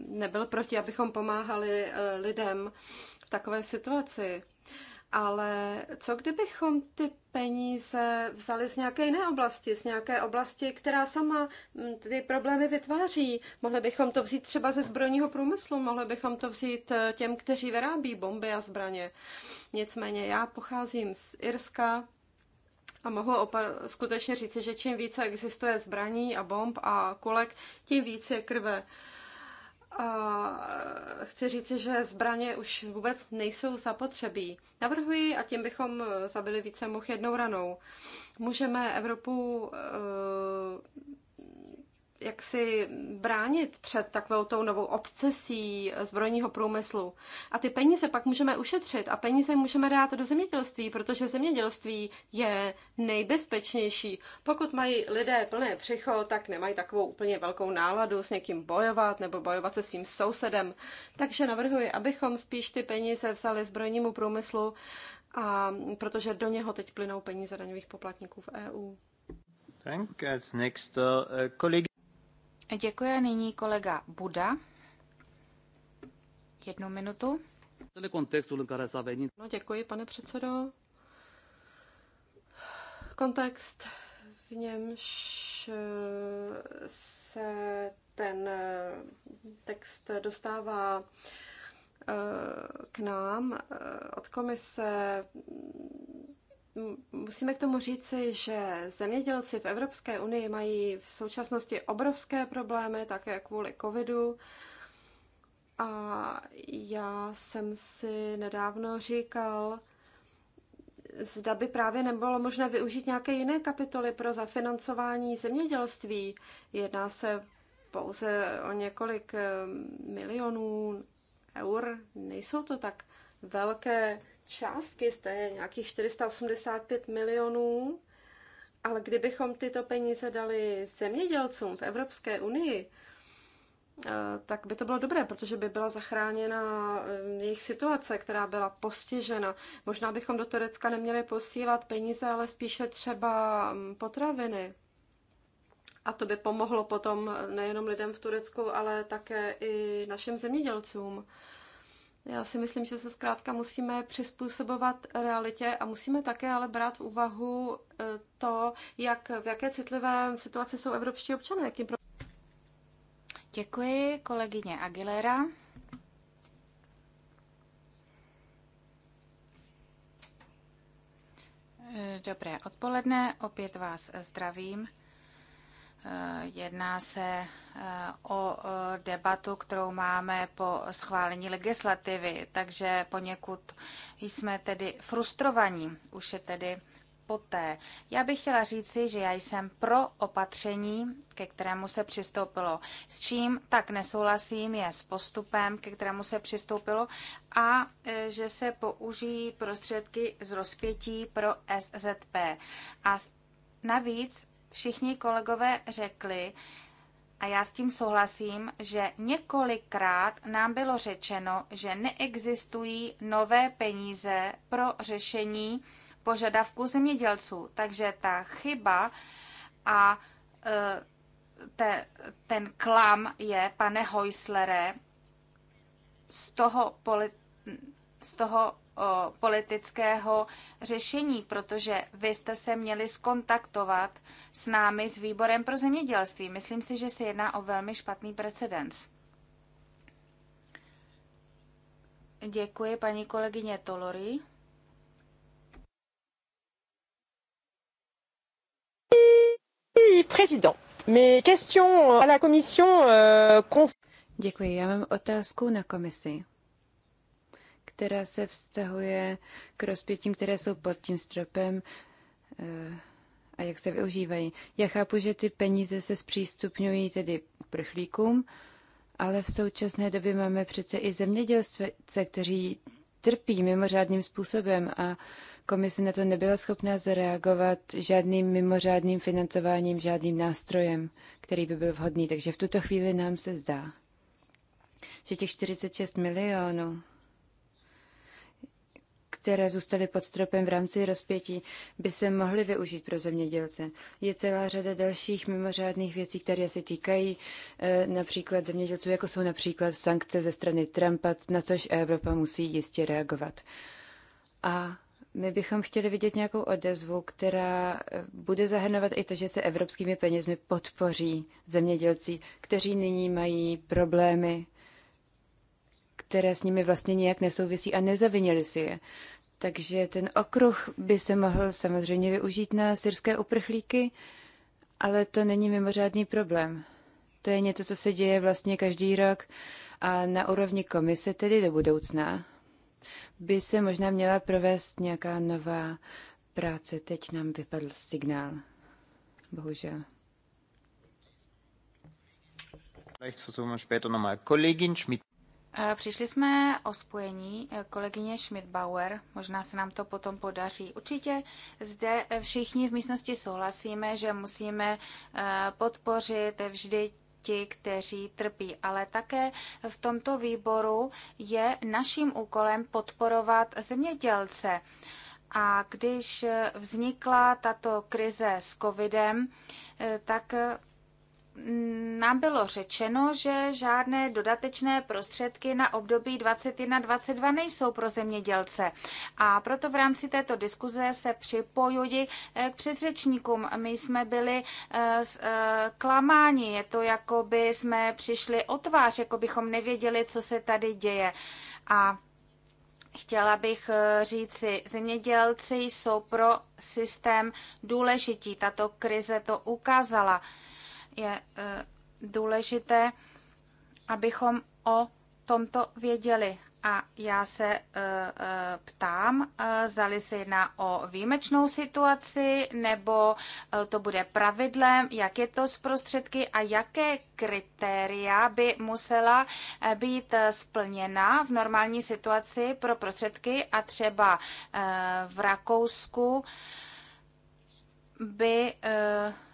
nebyl proti, abychom pomáhali eh, lidem v takové situaci. Ale co kdybychom ty peníze vzali z nějaké jiné oblasti, z nějaké oblasti, která sama mm, ty problémy vytváří? Mohli bychom to vzít třeba ze zbrojního průmyslu, mohli bychom to vzít eh, těm, kteří vyrábí bomby a zbraně. Nicméně já pocházím z Irska, a mohu skutečně říci, že čím více existuje zbraní a bomb a kolek, tím více krve. A eh, chci říci, že zbraně už vůbec nejsou zapotřebí. Navrhuji, a tím bychom eh, zabili více moch jednou ranou. Můžeme Evropu eh, jak si bránit před takovou tou novou obsesí zbrojního průmyslu. A ty peníze pak můžeme ušetřit a peníze můžeme dát do zemědělství, protože zemědělství je nejbezpečnější. Pokud mají lidé plné přicho, tak nemají takovou úplně velkou náladu s někým bojovat nebo bojovat se svým sousedem. Takže navrhuji, abychom spíš ty peníze vzali zbrojnímu průmyslu, a protože do něho teď plynou peníze daňových poplatníků v EU. Thank you. Next uh, uh Děkuji nyní kolega Buda. Jednu minutu. No, děkuji, pane předsedo. Kontext, v němž eh, se ten eh, text dostává eh, k nám od komise, Musíme k tomu říci, že zemědělci v Evropské unii mají v současnosti obrovské problémy, také kvůli covidu. A já jsem si nedávno říkal, zda by právě nebylo možné využít nějaké jiné kapitoly pro zafinancování zemědělství. Jedná se pouze o několik milionů eur, nejsou to tak velké částky, to je nějakých 485 milionů, ale kdybychom tyto peníze dali zemědělcům v Evropské unii, eh, tak by to bylo dobré, protože by byla zachráněna eh, jejich situace, která byla postižena. Možná bychom do Turecka neměli posílat peníze, ale spíše třeba mm, potraviny. A to by pomohlo potom nejenom lidem v Turecku, ale také i našim zemědělcům. Já si myslím, že se zkrátka musíme přizpůsobovat realitě a musíme také ale brát v úvahu eh, to, jak, v jaké citlivé situaci jsou evropští občané. Jakým pro... Děkuji, kolegyně Aguilera. Eh, dobré odpoledne, opět vás zdravím. Eh, jedná se eh, o eh, debatu, kterou máme po schválení legislativy, takže poněkud jsme tedy frustrovaní. Už je tedy poté. Já bych chtěla říci, že já jsem pro opatření, ke kterému se přistoupilo. S čím tak nesouhlasím je s postupem, ke kterému se přistoupilo a že se použijí prostředky z rozpětí pro SZP. A navíc všichni kolegové řekli, a já s tím souhlasím, že několikrát nám bylo řečeno, že neexistují nové peníze pro řešení požadavků zemědělců. Takže ta chyba a e, te, ten klam je, pane Hojslere, z toho, poli, z toho politického řešení, protože vy jste se měli skontaktovat s námi, s výborem pro zemědělství. Myslím si, že se jedná o velmi špatný precedens. Děkuji, paní kolegyně Tolory. Prezident, mes questions à la commission. Euh, Děkuji, já mám otázku na komisi která se vztahuje k rozpětím, které jsou pod tím stropem eh, a jak se využívají. Já chápu, že ty peníze se zpřístupňují tedy prchlíkům, ale v současné době máme přece i zemědělce, kteří trpí mimořádným způsobem a komise na to nebyla schopná zareagovat žádným mimořádným financováním, žádným nástrojem, který by byl vhodný. Takže v tuto chvíli nám se zdá, že těch 46 milionů které zůstaly pod stropem v rámci rozpětí, by se mohly využít pro zemědělce. Je celá řada dalších mimořádných věcí, které se týkají eh, například zemědělců, jako jsou například sankce ze strany Trumpa, na což Evropa musí jistě reagovat. A my bychom chtěli vidět nějakou odezvu, která eh, bude zahrnovat i to, že se evropskými penězmi podpoří zemědělci, kteří nyní mají problémy které s nimi vlastně nějak nesouvisí a nezavinili si je. Takže ten okruh by se mohl samozřejmě využít na syrské uprchlíky, ale to není mimořádný problém. To je něco, co se děje vlastně každý rok a na úrovni komise, tedy do budoucna, by se možná měla provést nějaká nová práce. Teď nám vypadl signál. Bohužel. Vielleicht versuchen wir später nochmal. Kollegin Schmidt. Eh, přišli jsme o spojení eh, kolegyně Schmidbauer, možná se nám to potom podaří. Určitě zde eh, všichni v místnosti souhlasíme, že musíme podpořit vždy ti, kteří trpí, ale také v tomto výboru je naším úkolem podporovat zemědělce. A když vznikla tato krize s covidem, tak nám bylo řečeno, že žádné dodatečné prostředky na období 21-22 nejsou pro zemědělce. A proto v rámci této diskuze se připojuji eh, k předřečníkům. My jsme byli eh, eh, klamáni, je to jako by jsme přišli o tvář, jako bychom nevěděli, co se tady děje. A Chtěla bych říci, zemědělci jsou pro systém důležití. Tato krize to ukázala je eh, důležité, abychom o tomto věděli. A já se eh, eh, ptám, zdali se jedná o výjimečnou situaci, nebo to bude pravidlem, jak je to s prostředky a jaké kritéria by musela být splněna v normální situaci pro prostředky a třeba v Rakousku by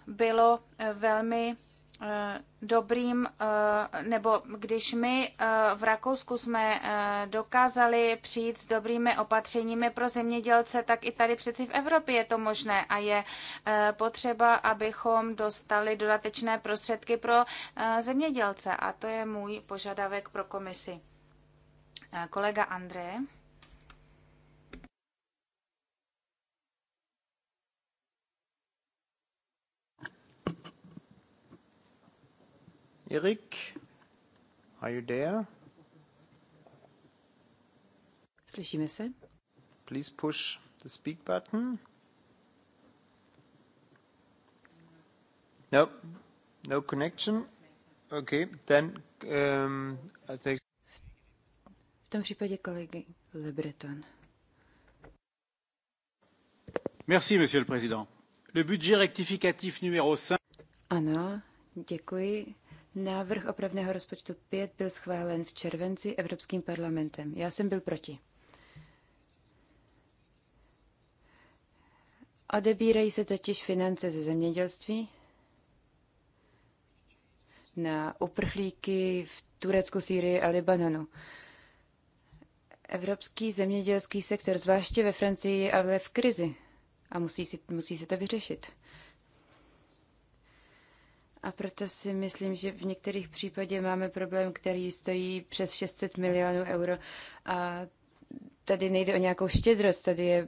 bylo eh, velmi eh, dobrým, eh, nebo když my v Rakousku jsme dokázali přijít s dobrými opatřeními pro zemědělce, tak i tady přeci v Evropě je to možné a je potřeba, abychom dostali dodatečné prostředky pro zemědělce a to je můj požadavek pro komisi. Kolega André. Erik, are you there? Slyšíme se? Please push the speak button. No, no connection. Okay, then um, I think... V tom případě kolegy Le Breton. Merci, monsieur le président. Le budget rectificatif numéro 5... Ano, děkuji. Návrh opravného rozpočtu 5 byl schválen v červenci Evropským parlamentem. Já jsem byl proti. Odebírají se totiž finance ze zemědělství na uprchlíky v Turecku, Sýrii a Libanonu. Evropský zemědělský sektor, zvláště ve Francii, je ale v krizi a musí, si, musí se to vyřešit. A proto si myslím, že v některých případech máme problém, který stojí přes 600 milionů euro. A tady nejde o nějakou štědrost, tady je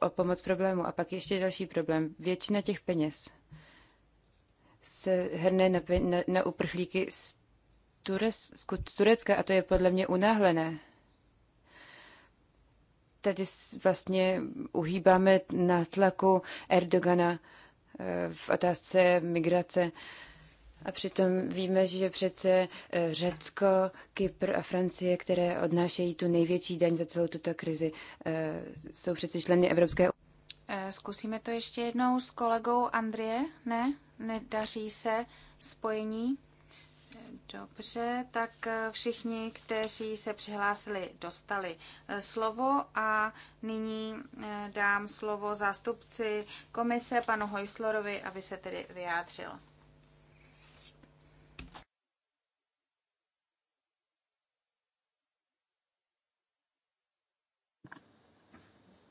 o pomoc problému. A pak ještě další problém. Většina těch peněz se hrne na, pe- na, na uprchlíky z, Turec- z Turecka a to je podle mě unáhlené. Tady vlastně uhýbáme tlaku Erdogana eh, v otázce migrace. A přitom víme, že přece eh, Řecko, Kypr a Francie, které odnášejí tu největší daň za celou tuto krizi, eh, jsou přece členy Evropské eh, Zkusíme to ještě jednou s kolegou Andrie. Ne, nedaří se spojení. Dobře, tak všichni, kteří se přihlásili, dostali slovo a nyní dám slovo zástupci komise panu Hojslorovi, aby se tedy vyjádřil.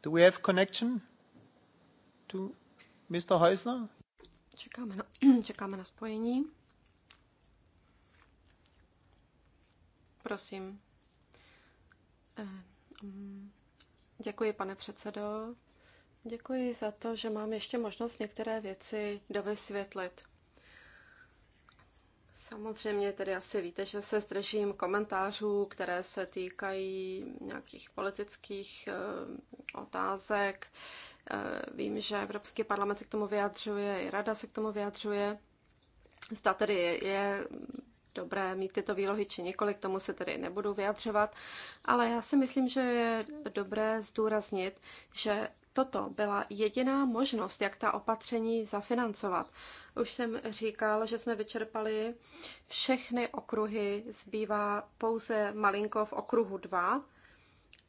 Do we have connection to Mr. Häusler? Čekáme na, čekáme na spojení. Prosím. Eh, mm, děkuji, pane předsedo. Děkuji za to, že mám ještě možnost některé věci dovysvětlit. Samozřejmě tedy asi víte, že se zdržím komentářů, které se týkají nějakých politických eh, otázek. Eh, vím, že Evropský parlament se k tomu vyjadřuje, i Rada se k tomu vyjadřuje. Zda tedy je, je dobré mít tyto výlohy či několik, tomu se tedy nebudu vyjadřovat, ale já si myslím, že je dobré zdůraznit, že Toto byla jediná možnost, jak ta opatření zafinancovat. Už jsem říkal, že jsme vyčerpali všechny okruhy, zbývá pouze malinko v okruhu 2.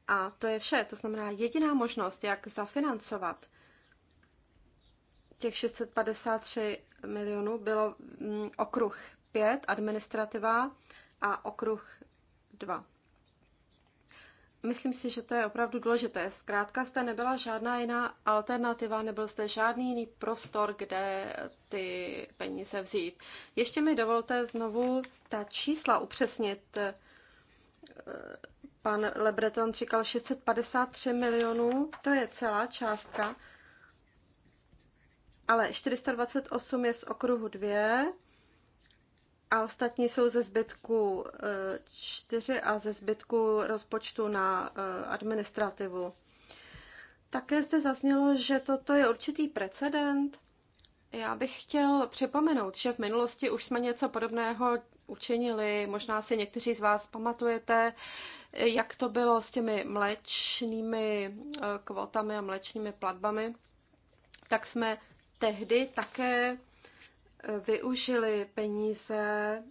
A to je vše. To znamená jediná možnost, jak zafinancovat těch 653 milionů, bylo mm, okruh 5, administrativa, a okruh 2. Myslím si, že to je opravdu důležité. Zkrátka jste nebyla žádná jiná alternativa, nebyl jste žádný jiný prostor, kde ty peníze vzít. Ještě mi dovolte znovu ta čísla upřesnit. Eh, pan Lebreton říkal 653 milionů, to je celá částka, ale 428 je z okruhu 2, a ostatní jsou ze zbytku eh, čtyři a ze zbytku rozpočtu na eh, administrativu. Také zde zaznělo, že toto je určitý precedent. Já bych chtěl připomenout, že v minulosti už jsme něco podobného učinili. Možná si někteří z vás pamatujete, jak to bylo s těmi mlečnými eh, kvotami a mlečnými platbami. Tak jsme tehdy také využili peníze ehm,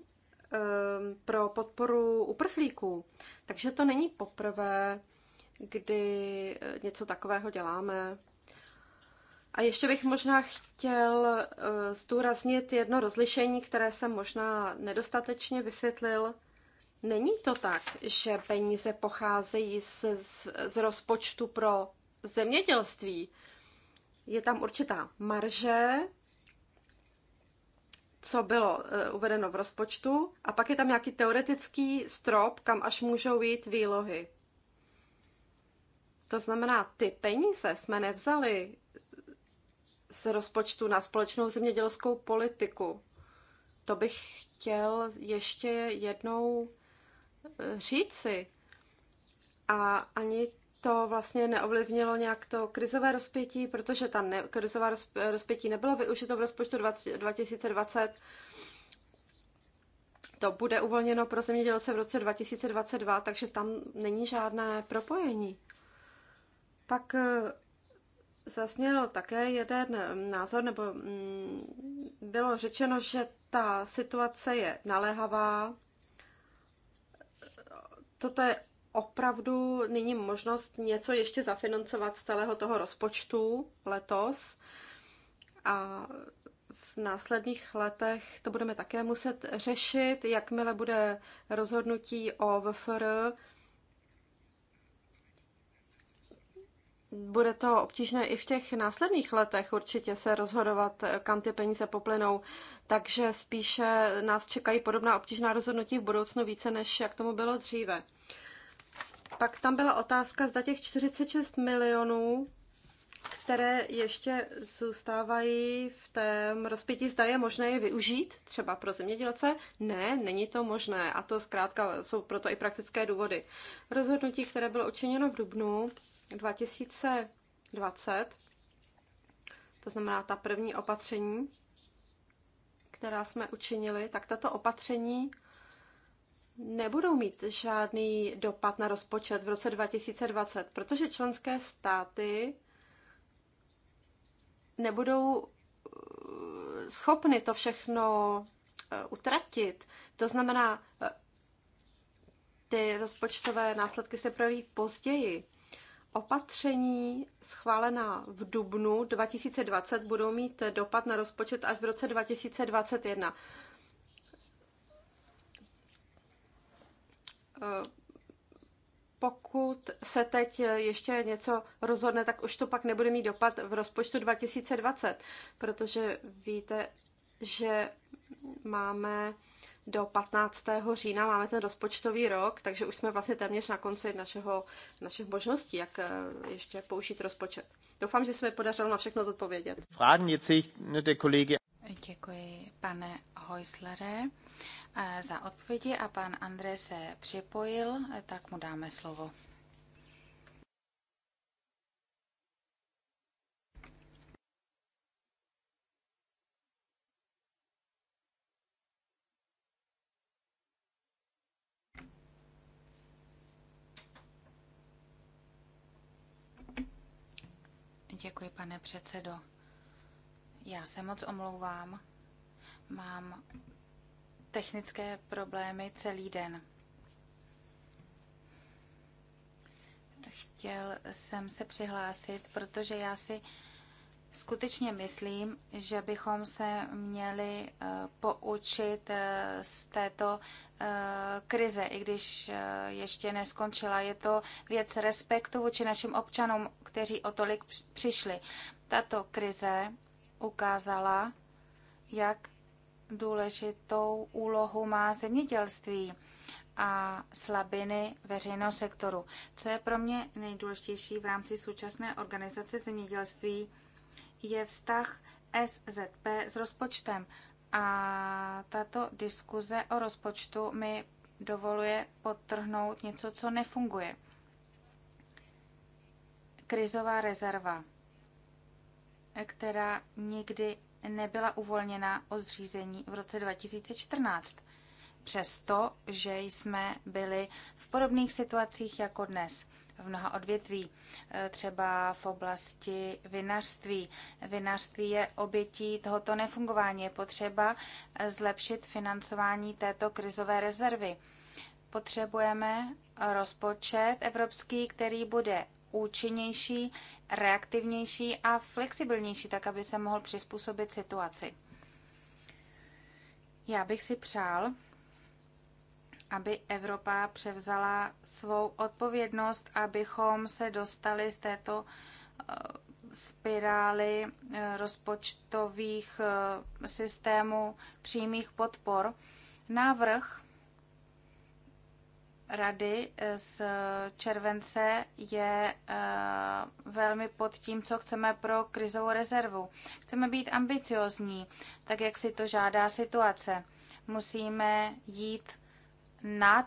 pro podporu uprchlíků. Takže to není poprvé, kdy eh, něco takového děláme. A ještě bych možná chtěl eh, zdůraznit jedno rozlišení, které jsem možná nedostatečně vysvětlil. Není to tak, že peníze pocházejí z, z, z rozpočtu pro zemědělství. Je tam určitá marže, co bylo eh, uvedeno v rozpočtu a pak je tam nějaký teoretický strop, kam až můžou jít výlohy. To znamená, ty peníze jsme nevzali z rozpočtu na společnou zemědělskou politiku. To bych chtěl ještě jednou eh, říci. A ani to vlastně neovlivnilo nějak to krizové rozpětí, protože ta ne, krizová rozpětí nebylo využito v rozpočtu 20, 2020. To bude uvolněno pro zemědělce v roce 2022, takže tam není žádné propojení. Pak eh, zasněl také jeden mm, názor, nebo mm, bylo řečeno, že ta situace je naléhavá. Toto je opravdu není možnost něco ještě zafinancovat z celého toho rozpočtu letos a v následných letech to budeme také muset řešit, jakmile bude rozhodnutí o VFR. Bude to obtížné i v těch následných letech určitě se rozhodovat, kam ty peníze poplynou, takže spíše nás čekají podobná obtížná rozhodnutí v budoucnu více, než jak tomu bylo dříve pak tam byla otázka, zda těch 46 milionů, které ještě zůstávají v tom. rozpětí, zda je možné je využít třeba pro zemědělce. Ne, není to možné a to zkrátka jsou proto i praktické důvody. Rozhodnutí, které bylo učiněno v dubnu 2020, to znamená ta první opatření, která jsme učinili, tak tato opatření nebudou mít žádný dopad na rozpočet v roce 2020, protože členské státy nebudou uh, schopny to všechno uh, utratit. To znamená, uh, ty rozpočtové následky se projeví později. Opatření schválená v dubnu 2020 budou mít dopad na rozpočet až v roce 2021. pokud se teď ještě něco rozhodne, tak už to pak nebude mít dopad v rozpočtu 2020, protože víte, že máme do 15. října máme ten rozpočtový rok, takže už jsme vlastně téměř na konci našeho, našich možností, jak eh, ještě použít rozpočet. Doufám, že se mi podařilo na všechno zodpovědět. Děkuji, pane Heuslere. Eh, za odpovědi a pan Andrej se připojil, eh, tak mu dáme slovo. Děkuji, pane předsedo. Já se moc omlouvám. Mám technické problémy celý den. Chtěl jsem se přihlásit, protože já si skutečně myslím, že bychom se měli eh, poučit eh, z této eh, krize, i když ještě neskončila. Je to věc respektu vůči našim občanům, kteří o tolik přišli. Tato krize ukázala, jak důležitou úlohu má zemědělství a slabiny veřejného sektoru. Co je pro mě nejdůležitější v rámci současné organizace zemědělství, je vztah SZP s rozpočtem. A tato diskuze o rozpočtu mi dovoluje podtrhnout něco, co nefunguje. Krizová rezerva, která nikdy nebyla uvolněna od zřízení v roce 2014. Přesto, že jsme byli v podobných situacích jako dnes v mnoha odvětví, e, třeba v oblasti vinařství. Vinařství je obětí tohoto nefungování. Je potřeba e, zlepšit financování této krizové rezervy. Potřebujeme rozpočet evropský, který bude účinnější, reaktivnější a flexibilnější, tak aby se mohl přizpůsobit situaci. Já bych si přál, aby Evropa převzala svou odpovědnost, abychom se dostali z této eh, spirály eh, rozpočtových eh, systémů přímých podpor. Návrh rady eh, z července je eh, velmi pod tím, co chceme pro krizovou rezervu. Chceme být ambiciozní, tak jak si to žádá situace. Musíme jít nad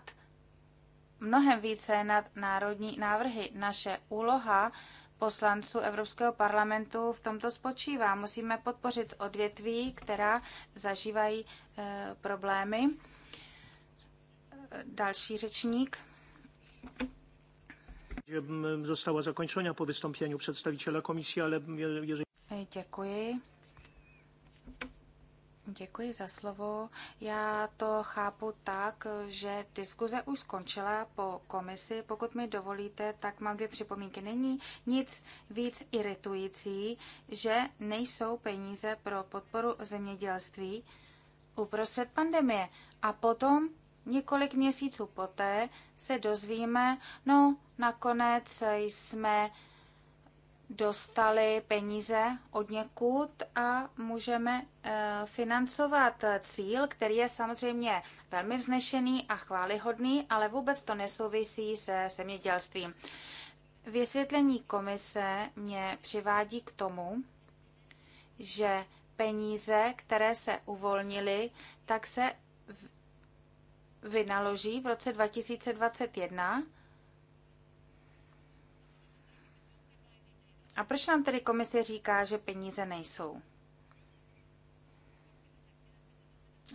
mnohem více nad národní návrhy. Naše úloha poslanců Evropského parlamentu v tomto spočívá. Musíme podpořit odvětví, která zažívají e, problémy další řečník. Zostala zakončena po vystoupení představitele komisie, ale Děkuji. Děkuji za slovo. Já to chápu tak, že diskuze už skončila po komisi. Pokud mi dovolíte, tak mám dvě připomínky. Není nic víc iritující, že nejsou peníze pro podporu zemědělství uprostřed pandemie. A potom Několik měsíců poté se dozvíme, no nakonec jsme dostali peníze od někud a můžeme eh, financovat cíl, který je samozřejmě velmi vznešený a chválihodný, ale vůbec to nesouvisí se zemědělstvím. Vysvětlení komise mě přivádí k tomu, že peníze, které se uvolnily, tak se vynaloží v roce 2021. A proč nám tedy komise říká, že peníze nejsou?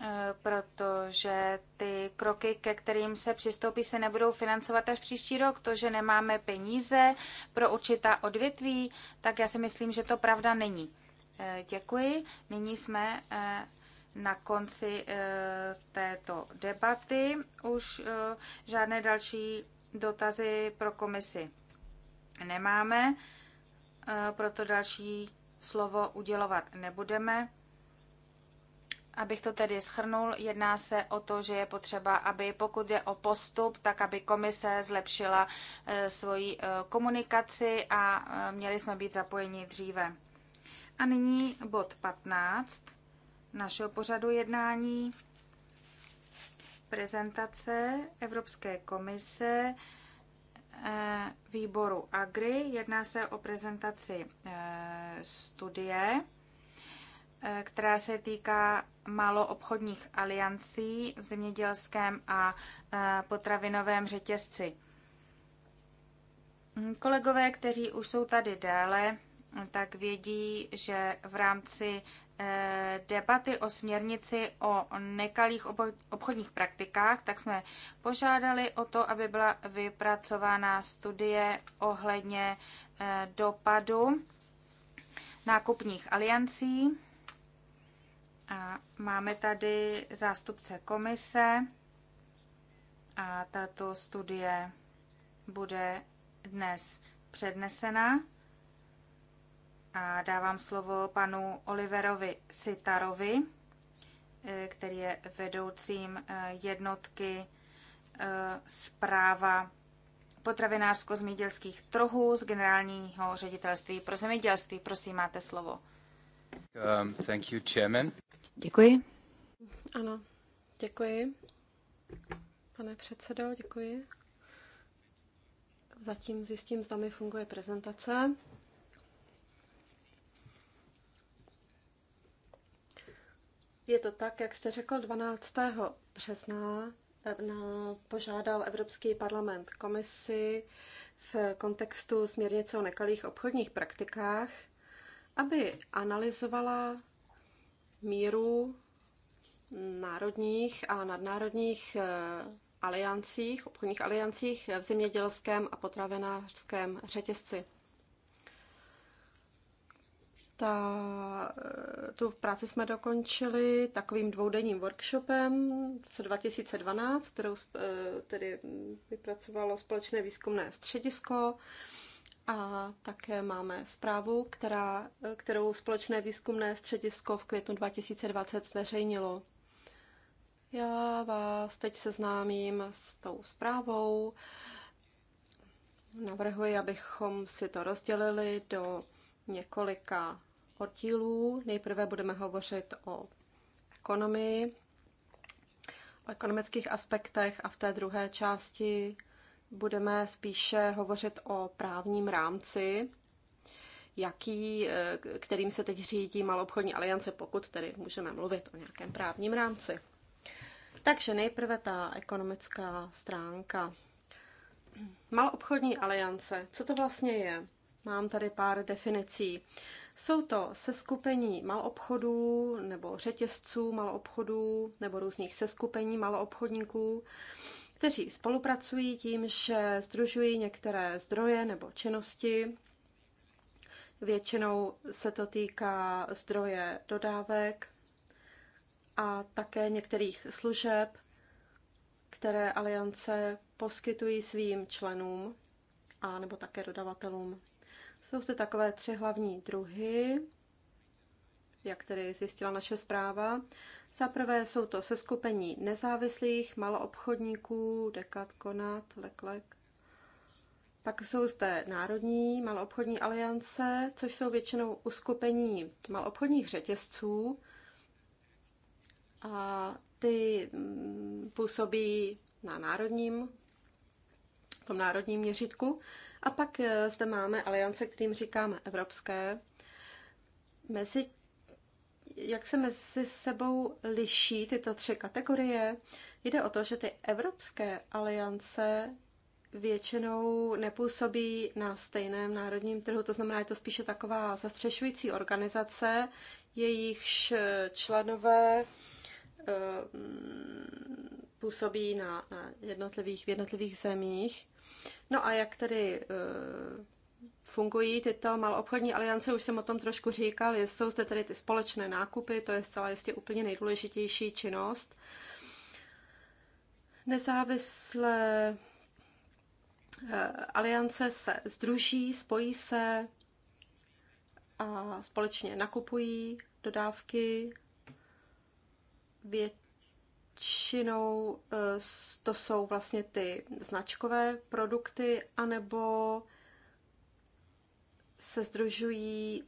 E, protože ty kroky, ke kterým se přistoupí, se nebudou financovat až příští rok. To, že nemáme peníze pro určitá odvětví, tak já si myslím, že to pravda není. E, děkuji. Nyní jsme e, na konci eh, této debaty už eh, žádné další dotazy pro komisi nemáme, eh, proto další slovo udělovat nebudeme. Abych to tedy schrnul, jedná se o to, že je potřeba, aby pokud je o postup, tak aby komise zlepšila svoji komunikaci a měli jsme být zapojeni dříve. A nyní bod 15 našeho pořadu jednání prezentace Evropské komise eh, výboru AGRI. Jedná se o prezentaci eh, studie, eh, která se týká maloobchodních aliancí v zemědělském a potravinovém řetězci. Kolegové, kteří už jsou tady déle, tak vědí, že v rámci Eh, debaty o směrnici o nekalých obchodních praktikách, tak jsme požádali o to, aby byla vypracována studie ohledně eh, dopadu nákupních aliancí. A máme tady zástupce komise a tato studie bude dnes přednesena. A dávám slovo panu Oliverovi Sitarovi, eh, který je vedoucím eh, jednotky zpráva eh, potravinářsko-zemědělských trhů z generálního ředitelství pro zemědělství. Prosím, máte slovo. Um, thank you, chairman. Děkuji. Ano, děkuji. Pane předsedo, děkuji. Zatím zjistím, zda mi funguje prezentace. Je to tak, jak jste řekl, 12. března eh, požádal Evropský parlament komisi v kontextu směrnice o nekalých obchodních praktikách, aby analyzovala míru národních a nadnárodních eh, aliancích, obchodních aliancích v zemědělském a potravinářském řetězci ta, eh, tu práci jsme dokončili takovým dvoudenním workshopem v 2012, kterou eh, tedy vypracovalo společné výzkumné středisko a také máme zprávu, která, eh, kterou společné výzkumné středisko v květnu 2020 zveřejnilo. Já vás teď seznámím s tou zprávou. Navrhuji, abychom si to rozdělili do několika oddílů. Nejprve budeme hovořit o ekonomii, o ekonomických aspektech a v té druhé části budeme spíše hovořit o právním rámci, jaký, eh, kterým se teď řídí malobchodní aliance, pokud tedy můžeme mluvit o nějakém právním rámci. Takže nejprve ta ekonomická stránka. Malobchodní aliance, co to vlastně je? Mám tady pár definicí. Jsou to seskupení malobchodů nebo řetězců malobchodů nebo různých seskupení maloobchodníků, kteří spolupracují tím, že združují některé zdroje nebo činnosti. Většinou se to týká zdroje dodávek a také některých služeb, které aliance poskytují svým členům a nebo také dodavatelům. Jsou zde takové tři hlavní druhy, jak tedy zjistila naše zpráva. Za prvé jsou to seskupení nezávislých maloobchodníků, Dekat, Konat, Leklek. Pak jsou zde národní maloobchodní aliance, což jsou většinou uskupení maloobchodních řetězců a ty mm, působí na národním, v tom národním měřitku. A pak eh, zde máme aliance, kterým říkáme evropské. Mezi, jak se mezi sebou liší tyto tři kategorie? Jde o to, že ty evropské aliance většinou nepůsobí na stejném národním trhu, to znamená, je to spíše taková zastřešující organizace, jejichž eh, členové eh, působí na, na jednotlivých, v jednotlivých zemích. No a jak tedy eh, fungují tyto maloobchodní aliance, už jsem o tom trošku říkal, jsou zde tedy ty společné nákupy, to je zcela jistě úplně nejdůležitější činnost. Nezávislé eh, aliance se združí, spojí se a společně nakupují dodávky. Vět, většinou eh, to jsou vlastně ty značkové produkty, anebo se združují,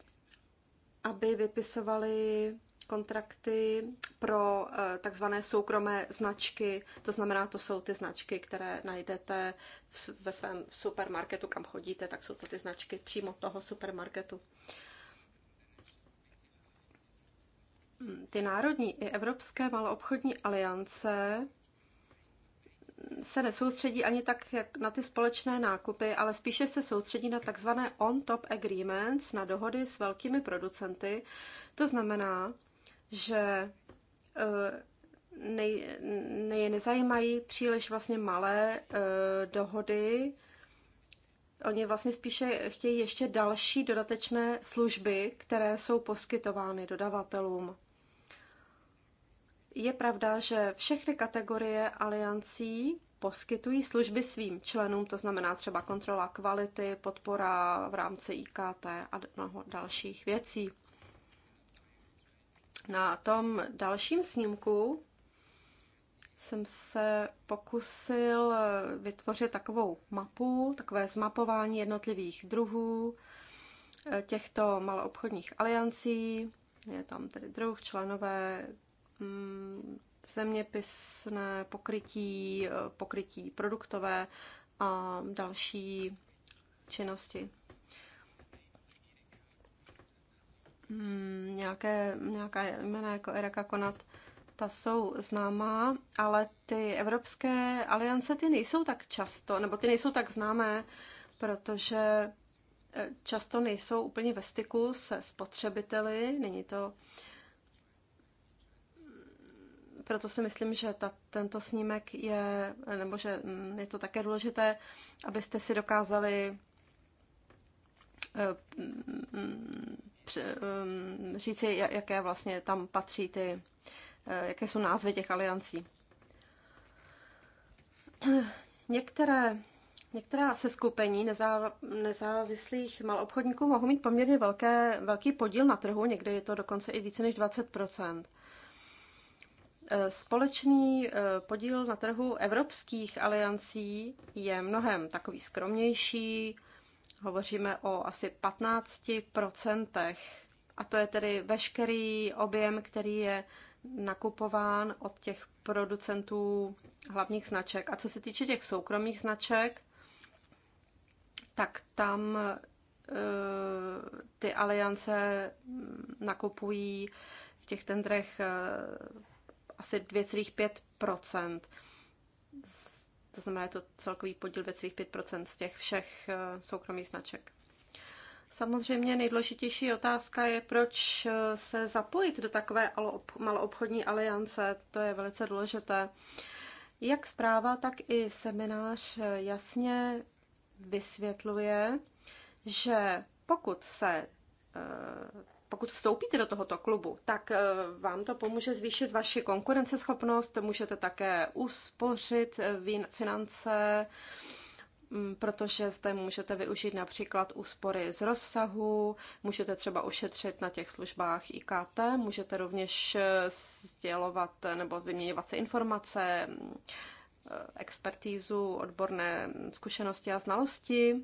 aby vypisovali kontrakty pro eh, takzvané soukromé značky. To znamená, to jsou ty značky, které najdete ve svém supermarketu, kam chodíte, tak jsou to ty značky přímo toho supermarketu. ty národní i evropské maloobchodní aliance se nesoustředí ani tak jak na ty společné nákupy, ale spíše se soustředí na takzvané on-top agreements, na dohody s velkými producenty. To znamená, že eh, nej, ne, nezajímají příliš vlastně malé eh, dohody. Oni vlastně spíše chtějí ještě další dodatečné služby, které jsou poskytovány dodavatelům. Je pravda, že všechny kategorie aliancí poskytují služby svým členům, to znamená třeba kontrola kvality, podpora v rámci IKT a mnoho dalších věcí. Na tom dalším snímku jsem se pokusil vytvořit takovou mapu, takové zmapování jednotlivých druhů eh, těchto maloobchodních aliancí. Je tam tedy druh, členové, Mm, zeměpisné pokrytí, eh, pokrytí produktové a další činnosti. Mm, nějaké, nějaká jména jako Erika Konat, ta jsou známá, ale ty evropské aliance ty nejsou tak často, nebo ty nejsou tak známé, protože eh, často nejsou úplně ve styku se spotřebiteli, není to uh, proto si myslím, že ta, tento snímek je, nebo že mm, je to také důležité, abyste si dokázali eh, mm, mm, říci, jaké vlastně tam patří ty, eh, jaké jsou názvy těch aliancí. Některé, některá se skupení nezávislých malobchodníků mohou mít poměrně velké, velký podíl na trhu, někdy je to dokonce i více než 20 Eh, společný eh, podíl na trhu evropských aliancí je mnohem takový skromnější. Hovoříme o asi 15%. A to je tedy veškerý objem, který je nakupován od těch producentů hlavních značek. A co se týče těch soukromých značek, tak tam eh, ty aliance mm, nakupují v těch tendrech asi 2,5 To znamená, je to celkový podíl 2,5 z těch všech eh, soukromých značek. Samozřejmě nejdůležitější otázka je, proč eh, se zapojit do takové maloobchodní aliance. To je velice důležité. Jak zpráva, tak i seminář eh, jasně vysvětluje, že pokud se pokud vstoupíte do tohoto klubu, tak eh, vám to pomůže zvýšit vaši konkurenceschopnost, můžete také uspořit eh, finance, mm, protože zde můžete využít například úspory z rozsahu, můžete třeba ušetřit na těch službách IKT, můžete rovněž eh, sdělovat nebo vyměňovat se informace, mm, expertízu, odborné mm, zkušenosti a znalosti.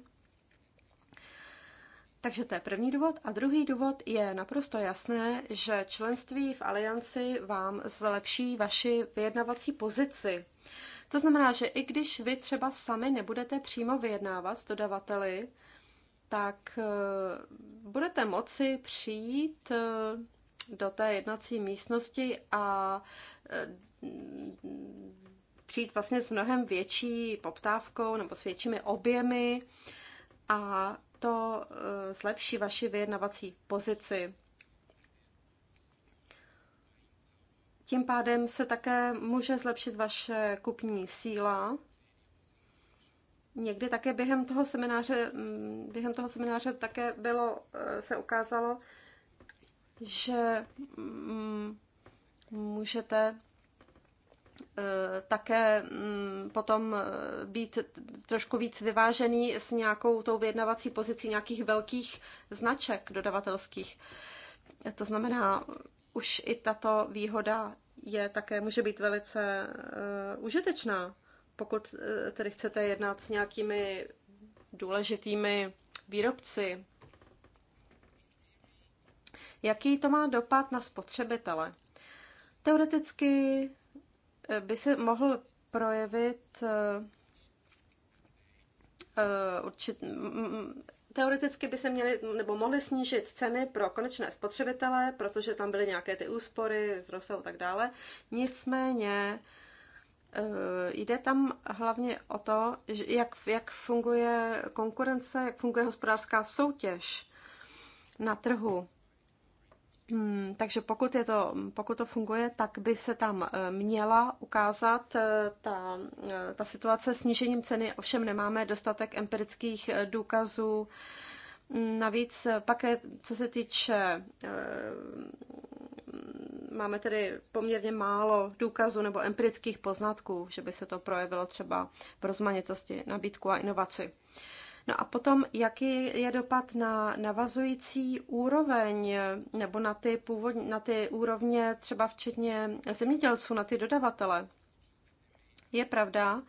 Takže to je první důvod. A druhý důvod je naprosto jasné, že členství v alianci vám zlepší vaši vyjednavací pozici. To znamená, že i když vy třeba sami nebudete přímo vyjednávat s dodavateli, tak eh, budete moci přijít eh, do té jednací místnosti a eh, přijít vlastně s mnohem větší poptávkou nebo s většími objemy a to eh, zlepší vaši vyjednavací pozici. Tím pádem se také může zlepšit vaše kupní síla. Někdy také během toho semináře, mm, během toho semináře také bylo, eh, se ukázalo, že mm, můžete Eh, také mm, potom eh, být trošku víc vyvážený s nějakou tou vyjednavací pozicí nějakých velkých značek dodavatelských. To znamená, už i tato výhoda je také, může být velice uh, užitečná, pokud uh, tedy chcete jednat s nějakými důležitými výrobci. Jaký to má dopad na spotřebitele? Teoreticky by se mohl projevit eh, eh, určit, teoreticky by se měly nebo mohly snížit ceny pro konečné spotřebitele, protože tam byly nějaké ty úspory z rozsahu a tak dále. Nicméně eh, jde tam hlavně o to, jak, jak funguje konkurence, jak funguje hospodářská soutěž na trhu. Mm, takže pokud, je to, pokud to funguje, tak by se tam eh, měla ukázat eh, ta, eh, ta situace snížením ceny. Ovšem nemáme dostatek empirických důkazů. Mm, navíc pak, je, co se týče, máme tedy poměrně málo důkazů nebo empirických poznatků, že by se to projevilo třeba v rozmanitosti nabídku a inovaci. No a potom, jaký je dopad na navazující úroveň nebo na ty, původní, na ty úrovně třeba včetně zemědělců, na ty dodavatele? Je pravda,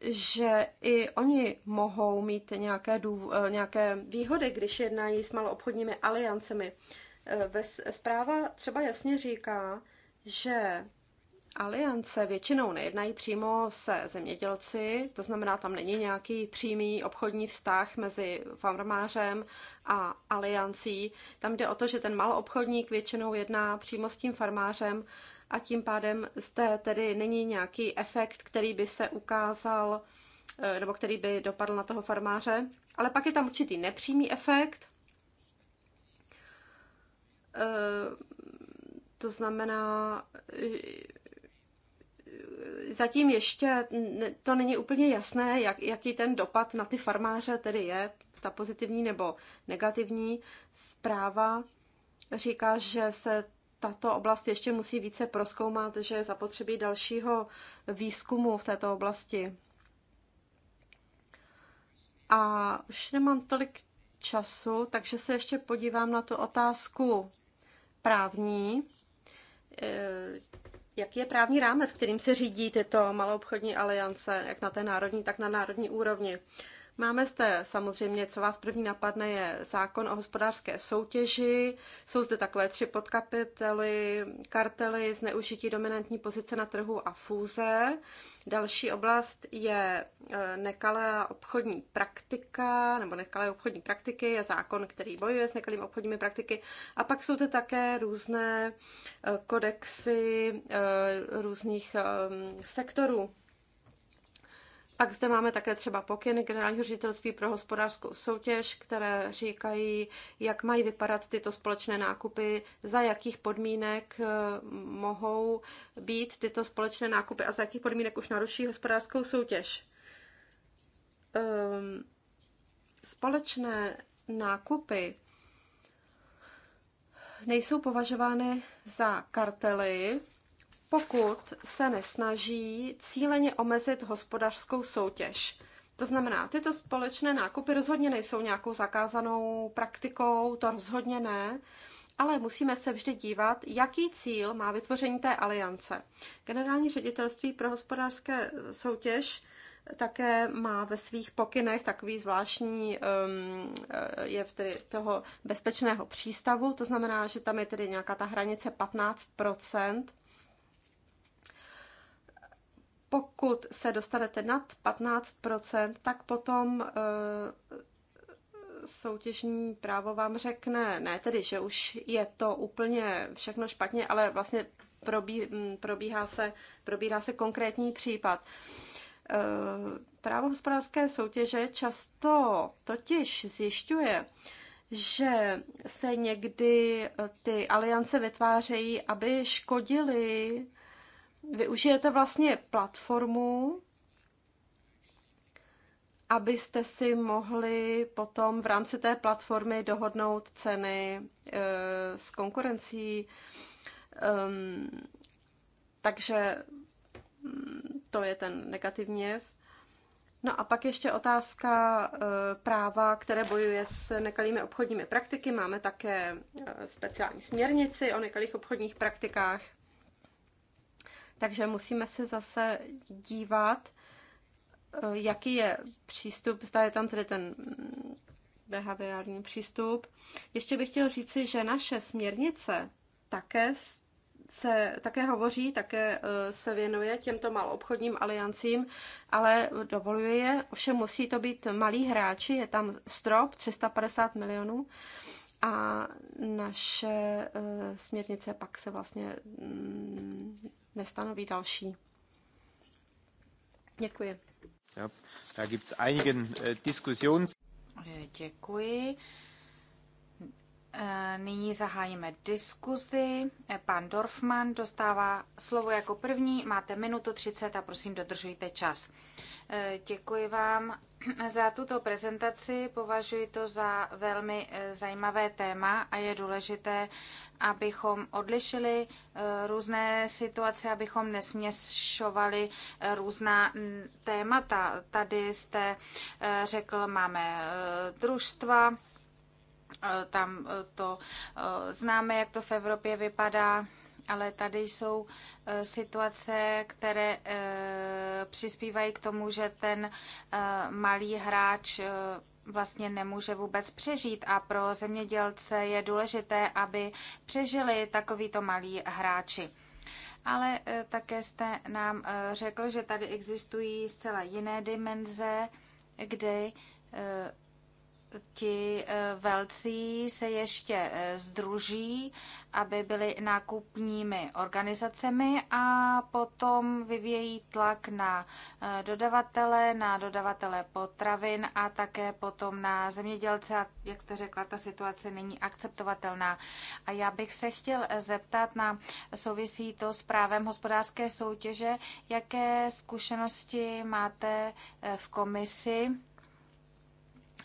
že i oni mohou mít nějaké, dův, eh, nějaké výhody, když jednají s maloobchodními aliancemi. Eh, zpráva třeba jasně říká, že aliance většinou nejednají přímo se zemědělci, to znamená, tam není nějaký přímý obchodní vztah mezi farmářem a aliancí. Tam jde o to, že ten obchodník většinou jedná přímo s tím farmářem a tím pádem zde tedy není nějaký efekt, který by se ukázal eh, nebo který by dopadl na toho farmáře. Ale pak je tam určitý nepřímý efekt. Eh, to znamená, zatím ještě to není úplně jasné, jak, jaký ten dopad na ty farmáře tedy je, ta pozitivní nebo negativní. Zpráva říká, že se tato oblast ještě musí více proskoumat, že je zapotřebí dalšího výzkumu v této oblasti. A už nemám tolik času, takže se ještě podívám na tu otázku právní e, Jaký je právní rámec, kterým se řídí tyto maloobchodní aliance, jak na té národní, tak na národní úrovni? Máme zde samozřejmě, co vás první napadne, je zákon o hospodářské soutěži. Jsou zde takové tři podkapitely, kartely, zneužití dominantní pozice na trhu a fúze. Další oblast je e, nekalá obchodní praktika, nebo nekalé obchodní praktiky, je zákon, který bojuje s nekalými obchodními praktiky. A pak jsou zde také různé e, kodexy e, různých sektorů pak zde máme také třeba pokyny generálního ředitelství pro hospodářskou soutěž, které říkají, jak mají vypadat tyto společné nákupy, za jakých podmínek eh, mohou být tyto společné nákupy a za jakých podmínek už naruší hospodářskou soutěž. Ehm, společné nákupy nejsou považovány za kartely, pokud se nesnaží cíleně omezit hospodářskou soutěž. To znamená, tyto společné nákupy rozhodně nejsou nějakou zakázanou praktikou, to rozhodně ne, ale musíme se vždy dívat, jaký cíl má vytvoření té aliance. Generální ředitelství pro hospodářské soutěž také má ve svých pokynech takový zvláštní um, eh, jev tedy toho bezpečného přístavu, to znamená, že tam je tedy nějaká ta hranice 15 pokud se dostanete nad 15%, tak potom eh, soutěžní právo vám řekne, ne tedy, že už je to úplně všechno špatně, ale vlastně probí, hm, probíhá se, probírá se konkrétní případ. Eh, právo hospodářské soutěže často totiž zjišťuje, že se někdy eh, ty aliance vytvářejí, aby škodili využijete vlastně platformu, abyste si mohli potom v rámci té platformy dohodnout ceny eh, s konkurencí. Ehm, takže mm, to je ten negativní jev. No a pak ještě otázka eh, práva, které bojuje s nekalými obchodními praktiky. Máme také eh, speciální směrnici o nekalých obchodních praktikách. Takže musíme se zase dívat, eh, jaký je přístup, zda je tam tedy ten behaviorální přístup. Ještě bych chtěl říci, že naše směrnice také se také hovoří, také eh, se věnuje těmto malobchodním aliancím, ale dovoluje je. Ovšem musí to být malí hráči, je tam strop 350 milionů a naše eh, směrnice pak se vlastně mm, nestanoví další. Děkuji. Ja, da gibt's einigen äh, Diskussions. Děkuji. Eh, nyní zahájíme diskuzi. Eh, pan Dorfman dostává slovo jako první. Máte minutu 30 a prosím dodržujte čas. Eh, děkuji vám za tuto prezentaci. Považuji to za velmi zajímavé téma a je důležité, abychom odlišili různé situace, abychom nesměšovali různá mm, témata. Tady jste řekl, máme družstva, Eh, tam eh, to eh, známe, jak to v Evropě vypadá ale tady jsou situace, které přispívají k tomu, že ten malý hráč vlastně nemůže vůbec přežít a pro zemědělce je důležité, aby přežili takovýto malí hráči. Ale také jste nám řekl, že tady existují zcela jiné dimenze, kde ti eh, velcí se ještě eh, združí, aby byli nákupními organizacemi a potom vyvějí tlak na eh, dodavatele, na dodavatele potravin a také potom na zemědělce. A jak jste řekla, ta situace není akceptovatelná. A já bych se chtěl zeptat na souvisí to s právem hospodářské soutěže, jaké zkušenosti máte v komisi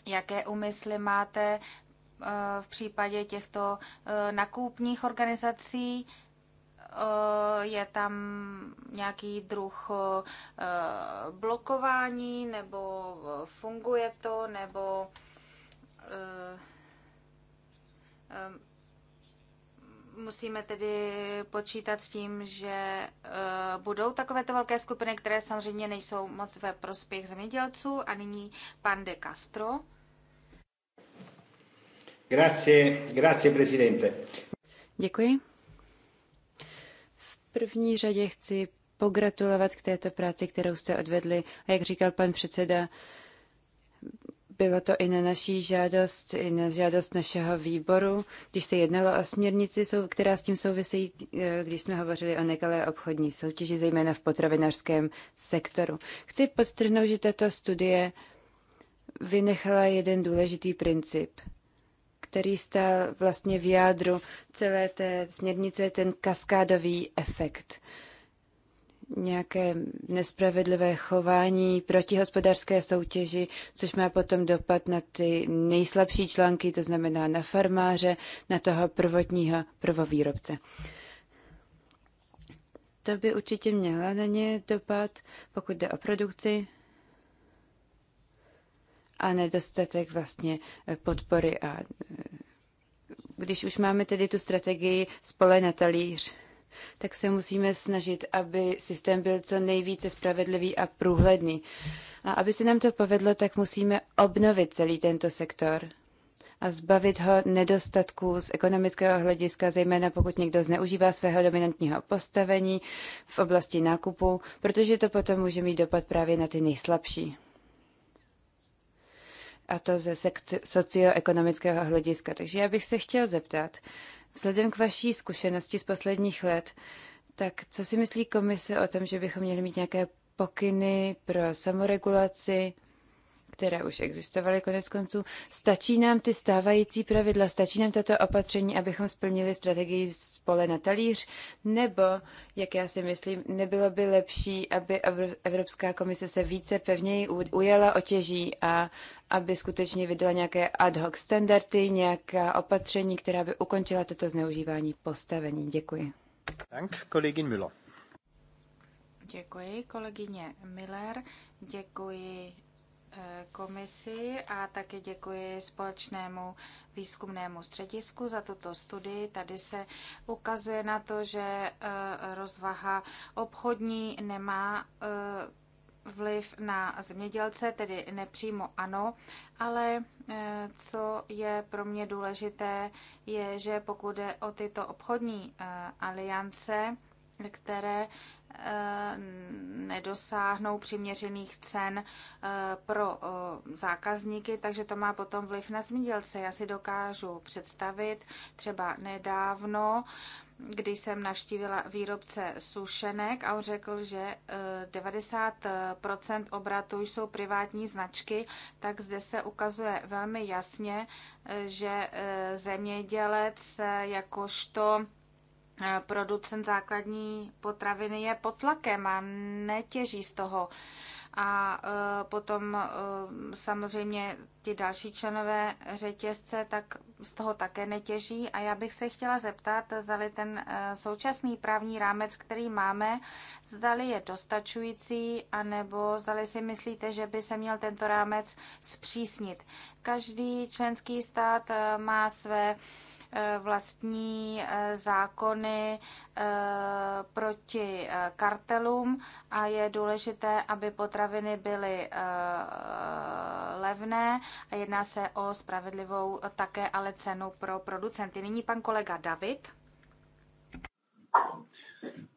jaké úmysly máte eh, v případě těchto eh, nakupních organizací. Eh, je tam nějaký druh blokování, nebo funguje to, nebo musíme tedy počítat s tím, že budou takovéto velké skupiny, které samozřejmě nejsou moc ve prospěch zemědělců. A nyní pan de Castro. Grazie, grazie, presidente. Děkuji. V první řadě chci pogratulovat k této práci, kterou jste odvedli. A jak říkal pan předseda, bylo to i na naší žádost, i na žádost našeho výboru, když se jednalo o směrnici, která s tím souvisí, eh, když jsme hovořili o nekalé obchodní soutěži, zejména v potravinářském sektoru. Chci podtrhnout, že tato studie vynechala jeden důležitý princip – který stál vlastně v jádru celé té směrnice, je ten kaskádový efekt. Nějaké nespravedlivé chování proti hospodářské soutěži, což má potom dopad na ty nejslabší články, to znamená na farmáře, na toho prvotního prvovýrobce. To by určitě měla na ně dopad, pokud jde o produkci, a nedostatek vlastně eh, podpory. A eh, když už máme tedy tu strategii spole na talíř, tak se musíme snažit, aby systém byl co nejvíce spravedlivý a průhledný. A aby se nám to povedlo, tak musíme obnovit celý tento sektor a zbavit ho nedostatků z ekonomického hlediska, zejména pokud někdo zneužívá svého dominantního postavení v oblasti nákupu, protože to potom může mít dopad právě na ty nejslabší a to ze socioekonomického hlediska. Takže já bych se chtěl zeptat, vzhledem k vaší zkušenosti z posledních let, tak co si myslí komise o tom, že bychom měli mít nějaké pokyny pro samoregulaci, které už existovaly konec konců. Stačí nám ty stávající pravidla, stačí nám tato opatření, abychom splnili strategii z pole na talíř, nebo, jak já si myslím, nebylo by lepší, aby Evropská komise se více pevněji ujala otěží a aby skutečně vydala nějaké ad hoc standardy, nějaká opatření, která by ukončila toto zneužívání postavení. Děkuji. Tak, kolegyn Müller. Děkuji, kolegyně Miller. Děkuji Eh, komisi a také děkuji společnému výzkumnému středisku za tuto studii. Tady se ukazuje na to, že eh, rozvaha obchodní nemá eh, vliv na zemědělce, tedy nepřímo ano, ale co je pro mě důležité, je, že pokud jde o tyto obchodní aliance, které nedosáhnou přiměřených cen eh, pro eh, zákazníky, takže to má potom vliv na zemědělce. Já si dokážu představit třeba nedávno, když jsem navštívila výrobce sušenek a on řekl, že 90% eh, obratu jsou privátní značky, tak zde se ukazuje velmi jasně, že zemědělec jakožto producent základní potraviny je pod tlakem a netěží z toho. A e, potom e, samozřejmě ti další členové řetězce tak z toho také netěží. A já bych se chtěla zeptat, zdali ten e, současný právní rámec, který máme, zdali je dostačující, anebo zdali si myslíte, že by se měl tento rámec zpřísnit. Každý členský stát má své Eh, vlastní eh, zákony eh, proti kartelům a je důležité, aby potraviny byly levné a jedná se o spravedlivou také ale cenu pro producenty. Nyní pan kolega David.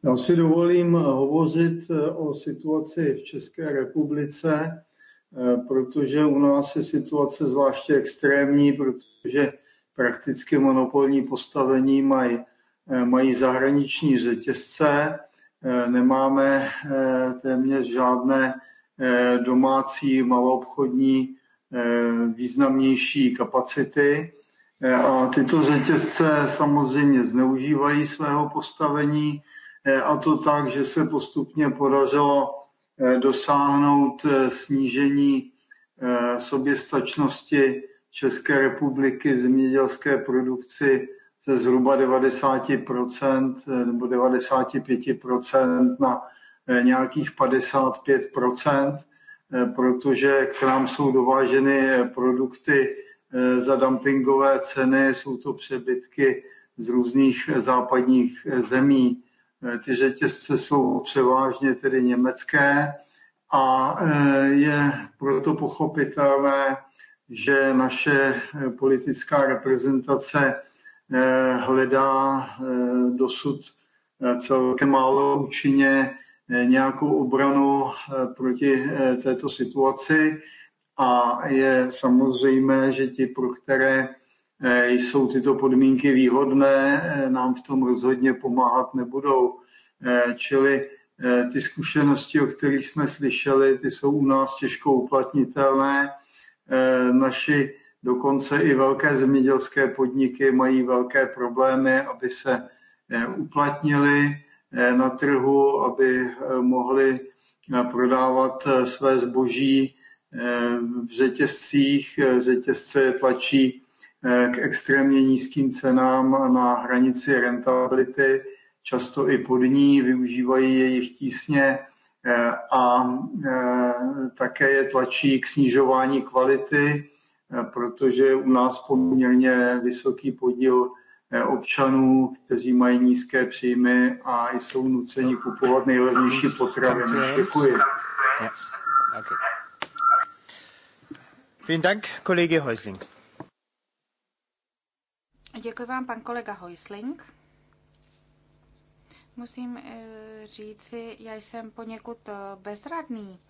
Já si dovolím hovořit o situaci v České republice, protože u nás je situace zvláště extrémní, protože prakticky monopolní postavení mají, eh, mají zahraniční řetězce, eh, nemáme eh, téměř žádné domácí maloobchodní významnější kapacity. A tyto řetězce samozřejmě zneužívají svého postavení a to tak, že se postupně podařilo dosáhnout snížení soběstačnosti České republiky v zemědělské produkci ze zhruba 90% eh, nebo 95% na eh, nějakých 55%, eh, protože k nám jsou dováženy produkty za dumpingové ceny, jsou to přebytky z různých západních zemí. Ty řetězce jsou převážně tedy německé a je proto pochopitelné, že naše eh, politická reprezentace eh, hledá eh, dosud celkem málo účinně nějakou obranu proti této situaci a je samozřejmé, že ti, pro které jsou tyto podmínky výhodné, nám v tom rozhodně pomáhat nebudou. Čili ty zkušenosti, o kterých jsme slyšeli, ty jsou u nás těžko uplatnitelné Eh, naši dokonce i velké zemědělské podniky mají velké problémy, aby se eh, uplatnili eh, na trhu, aby mohli prodávat své zboží v řetězcích. Řetězce je tlačí k extrémně nízkým cenám na hranici rentability, často i pod ní využívají jejich tísně Eh, a eh, také je tlačí k snižování kvality, eh, protože u nás poměrně vysoký podíl občanů, kteří mají nízké příjmy a jsou nuceni kupovat nejlevnější potraviny. Děkuji. Vielen Dank, Kollege Häusling. Děkuji vám, pan kolega Häusling. Musím eh, říci, já jsem poněkud eh, bezradný.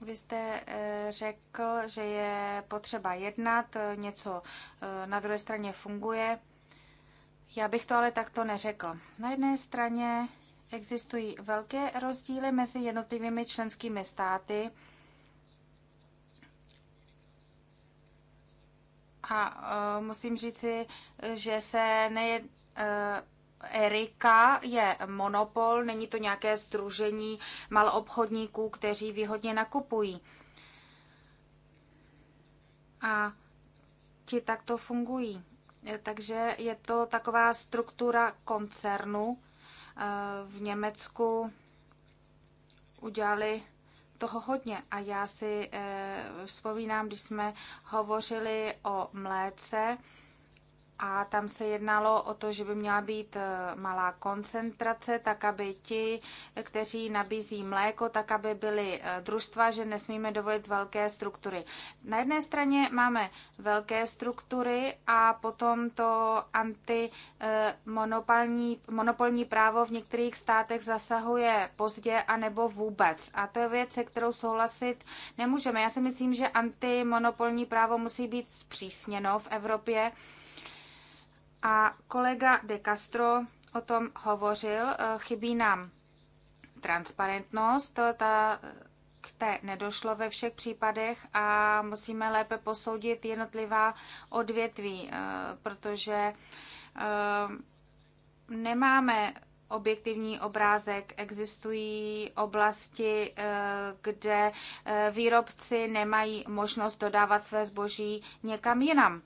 Vy jste eh, řekl, že je potřeba jednat, něco na druhé straně funguje. Já bych to ale takto neřekl. Na jedné straně existují velké rozdíly mezi jednotlivými členskými státy a musím říci, že se nejedná Erika je monopol, není to nějaké združení maloobchodníků, kteří výhodně nakupují. A ti takto fungují. Takže je to taková struktura koncernu. Eh, v Německu udělali toho hodně. A já si eh, vzpomínám, když jsme hovořili o mléce, a tam se jednalo o to, že by měla být e, malá koncentrace, tak aby ti, e, kteří nabízí mléko, tak aby byly e, družstva, že nesmíme dovolit velké struktury. Na jedné straně máme velké struktury a potom to antimonopolní monopolní právo v některých státech zasahuje pozdě a nebo vůbec. A to je věc, se kterou souhlasit nemůžeme. Já si myslím, že antimonopolní právo musí být zpřísněno v Evropě a kolega De Castro o tom hovořil, eh, chybí nám transparentnost, eh, ta eh, k té nedošlo ve všech případech a musíme lépe posoudit jednotlivá odvětví, protože nemáme objektivní obrázek. Existují oblasti, kde výrobci nemají možnost dodávat své zboží někam jinam.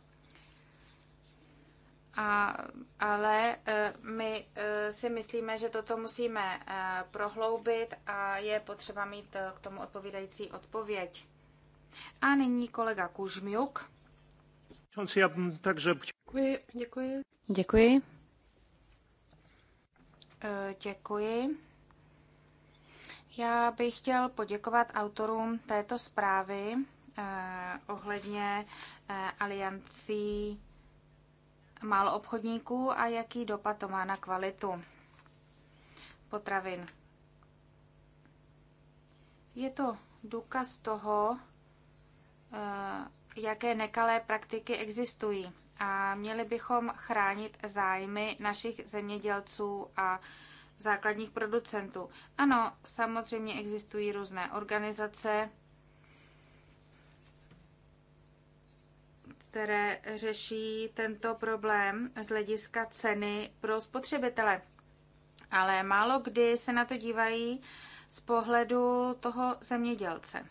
A, ale e, my e, si myslíme, že toto musíme e, prohloubit a je potřeba mít k tomu odpovídající odpověď. A nyní kolega Kužmiuk. Děkuji, děkuji. Děkuji. Děkuji. Já bych chtěl poděkovat autorům této zprávy eh, ohledně eh, aliancí málo obchodníků a jaký dopad to má na kvalitu potravin. Je to důkaz toho, eh, jaké nekalé praktiky existují a měli bychom chránit zájmy našich zemědělců a základních producentů. Ano, samozřejmě existují různé organizace, které řeší tento problém z hlediska ceny pro spotřebitele. Ale málo kdy se na to dívají z pohledu toho zemědělce.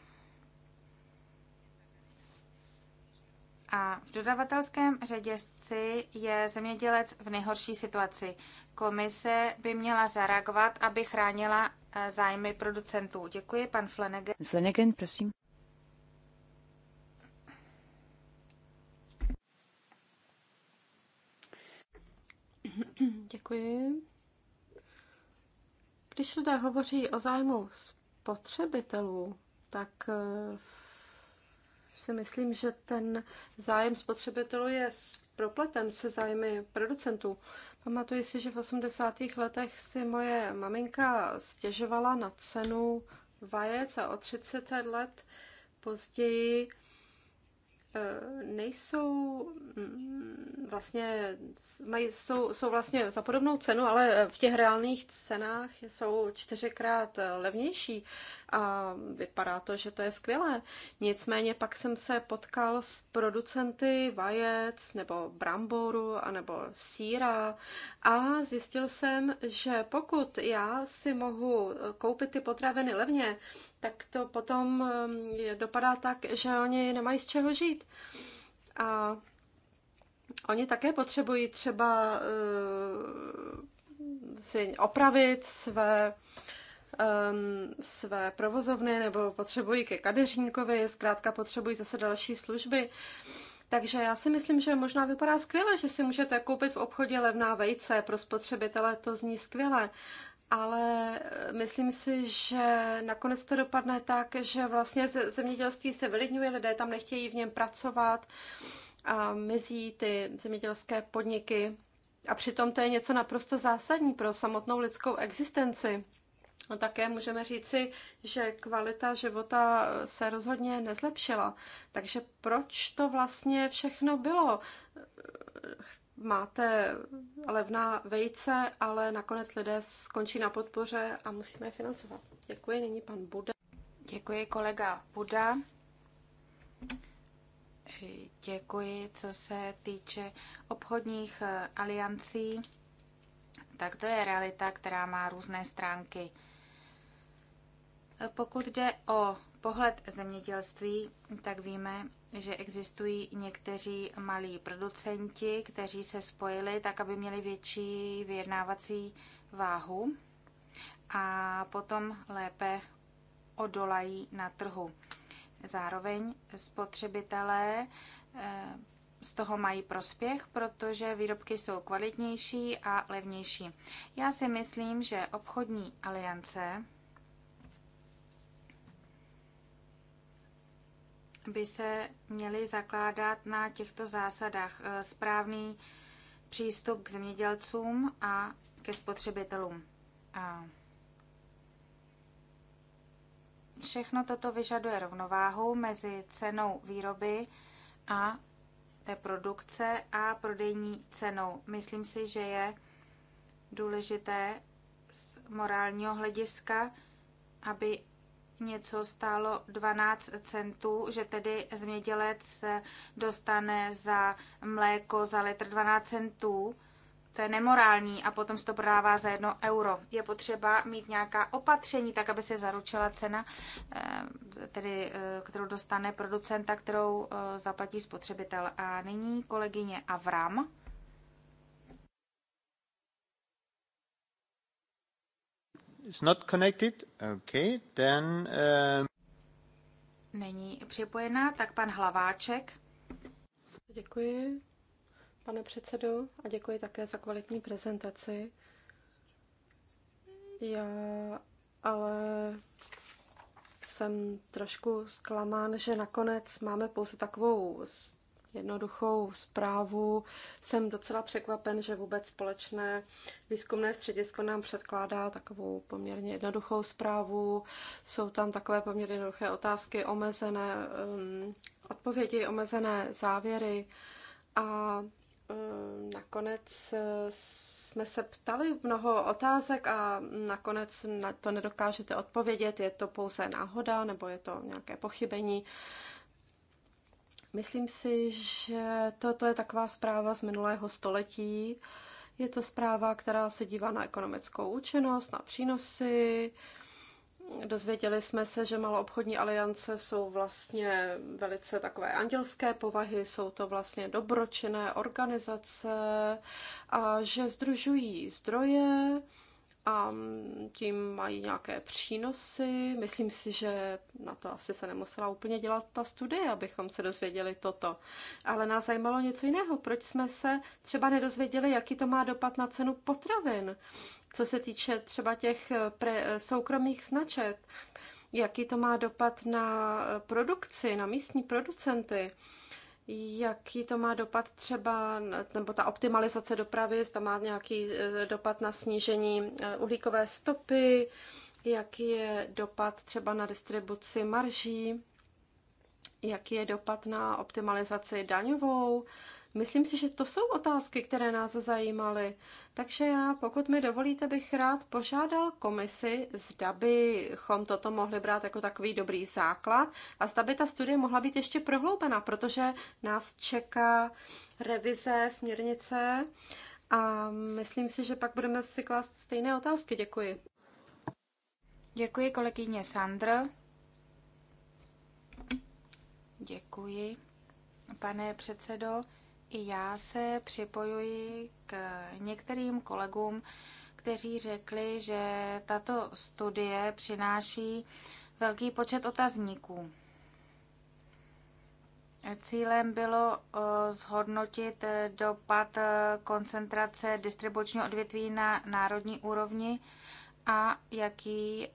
A v dodavatelském řetězci je zemědělec v nejhorší situaci. Komise by měla zareagovat, aby chránila eh, zájmy producentů. Děkuji, pan Flanagan. Flanagan, prosím. Děkuji. Když lidé hovoří o zájmu spotřebitelů, tak eh, si myslím, že ten zájem spotřebitelů je propleten se zájmy producentů. Pamatuji si, že v 80. letech si moje maminka stěžovala na cenu vajec a o 30 let později Eh, nejsou mm, vlastně, mají, jsou, jsou vlastně za podobnou cenu, ale eh, v těch reálných cenách jsou čtyřikrát eh, levnější a vypadá to, že to je skvělé. Nicméně pak jsem se potkal s producenty vajec nebo bramboru a nebo síra a zjistil jsem, že pokud já si mohu koupit ty potraviny levně, tak to potom um, dopadá tak, že oni nemají z čeho žít. A oni také potřebují třeba uh, si opravit své um, své provozovny nebo potřebují ke kadeřínkovi, zkrátka potřebují zase další služby. Takže já si myslím, že možná vypadá skvěle, že si můžete koupit v obchodě levná vejce pro spotřebitele, to zní skvěle, ale eh, myslím si, že nakonec to dopadne tak, že vlastně zemědělství se vylidňuje, lidé tam nechtějí v něm pracovat a mizí ty zemědělské podniky. A přitom to je něco naprosto zásadní pro samotnou lidskou existenci. No také můžeme říci, že kvalita života se rozhodně nezlepšila. Takže proč to vlastně všechno bylo? máte levná vejce, ale nakonec lidé skončí na podpoře a musíme je financovat. Děkuji, nyní pan Buda. Děkuji, kolega Buda. Děkuji, co se týče obchodních eh, aliancí. Tak to je realita, která má různé stránky. Pokud jde o pohled zemědělství, tak víme, že existují někteří malí producenti, kteří se spojili tak, aby měli větší vyjednávací váhu a potom lépe odolají na trhu. Zároveň spotřebitelé eh, z toho mají prospěch, protože výrobky jsou kvalitnější a levnější. Já si myslím, že obchodní aliance by se měly zakládat na těchto zásadách. E, správný přístup k zemědělcům a ke spotřebitelům. A všechno toto vyžaduje rovnováhu mezi cenou výroby a té produkce a prodejní cenou. Myslím si, že je důležité z morálního hlediska, aby něco stálo 12 centů, že tedy změdělec dostane za mléko za litr 12 centů, to je nemorální a potom se to prodává za jedno euro. Je potřeba mít nějaká opatření, tak aby se zaručila cena, eh, tedy, eh, kterou dostane producenta, kterou eh, zaplatí spotřebitel. A nyní kolegyně Avram. not connected? Okay, then... Um, Není připojená, tak pan Hlaváček. Děkuji, pane předsedo, a děkuji také za kvalitní prezentaci. Já ale jsem trošku zklamán, že nakonec máme pouze takovou jednoduchou zprávu. Jsem docela překvapen, že vůbec společné výzkumné středisko nám předkládá takovou poměrně jednoduchou zprávu. Jsou tam takové poměrně jednoduché otázky, omezené um, odpovědi, omezené závěry a um, nakonec uh, jsme se ptali mnoho otázek a nakonec na to nedokážete odpovědět, je to pouze náhoda nebo je to nějaké pochybení. Myslím si, že toto je taková zpráva z minulého století. Je to zpráva, která se dívá na ekonomickou účinnost, na přínosy. Dozvěděli jsme se, že maloobchodní aliance jsou vlastně velice takové andělské povahy, jsou to vlastně dobročinné organizace a že združují zdroje, a tím mají nějaké přínosy. Myslím si, že na to asi se nemusela úplně dělat ta studie, abychom se dozvěděli toto. Ale nás zajímalo něco jiného. Proč jsme se třeba nedozvěděli, jaký to má dopad na cenu potravin? Co se týče třeba těch eh, pre, eh, soukromých značek, jaký to má dopad na eh, produkci, na místní producenty? jaký to má dopad třeba, nebo ta optimalizace dopravy, zda má nějaký e, dopad na snížení e, uhlíkové stopy, jaký je dopad třeba na distribuci marží, jaký je dopad na optimalizaci daňovou, Myslím si, že to jsou otázky, které nás zajímaly. Takže já, pokud mi dovolíte, bych rád požádal komisi, zda bychom toto mohli brát jako takový dobrý základ a zda by ta studie mohla být ještě prohloubena, protože nás čeká revize směrnice a myslím si, že pak budeme si klást stejné otázky. Děkuji. Děkuji kolegyně Sandr. Děkuji, pane předsedo. I já se připojuji k některým kolegům, kteří řekli, že tato studie přináší velký počet otazníků. Cílem bylo eh, zhodnotit eh, dopad eh, koncentrace distribučního odvětví na národní úrovni a jaký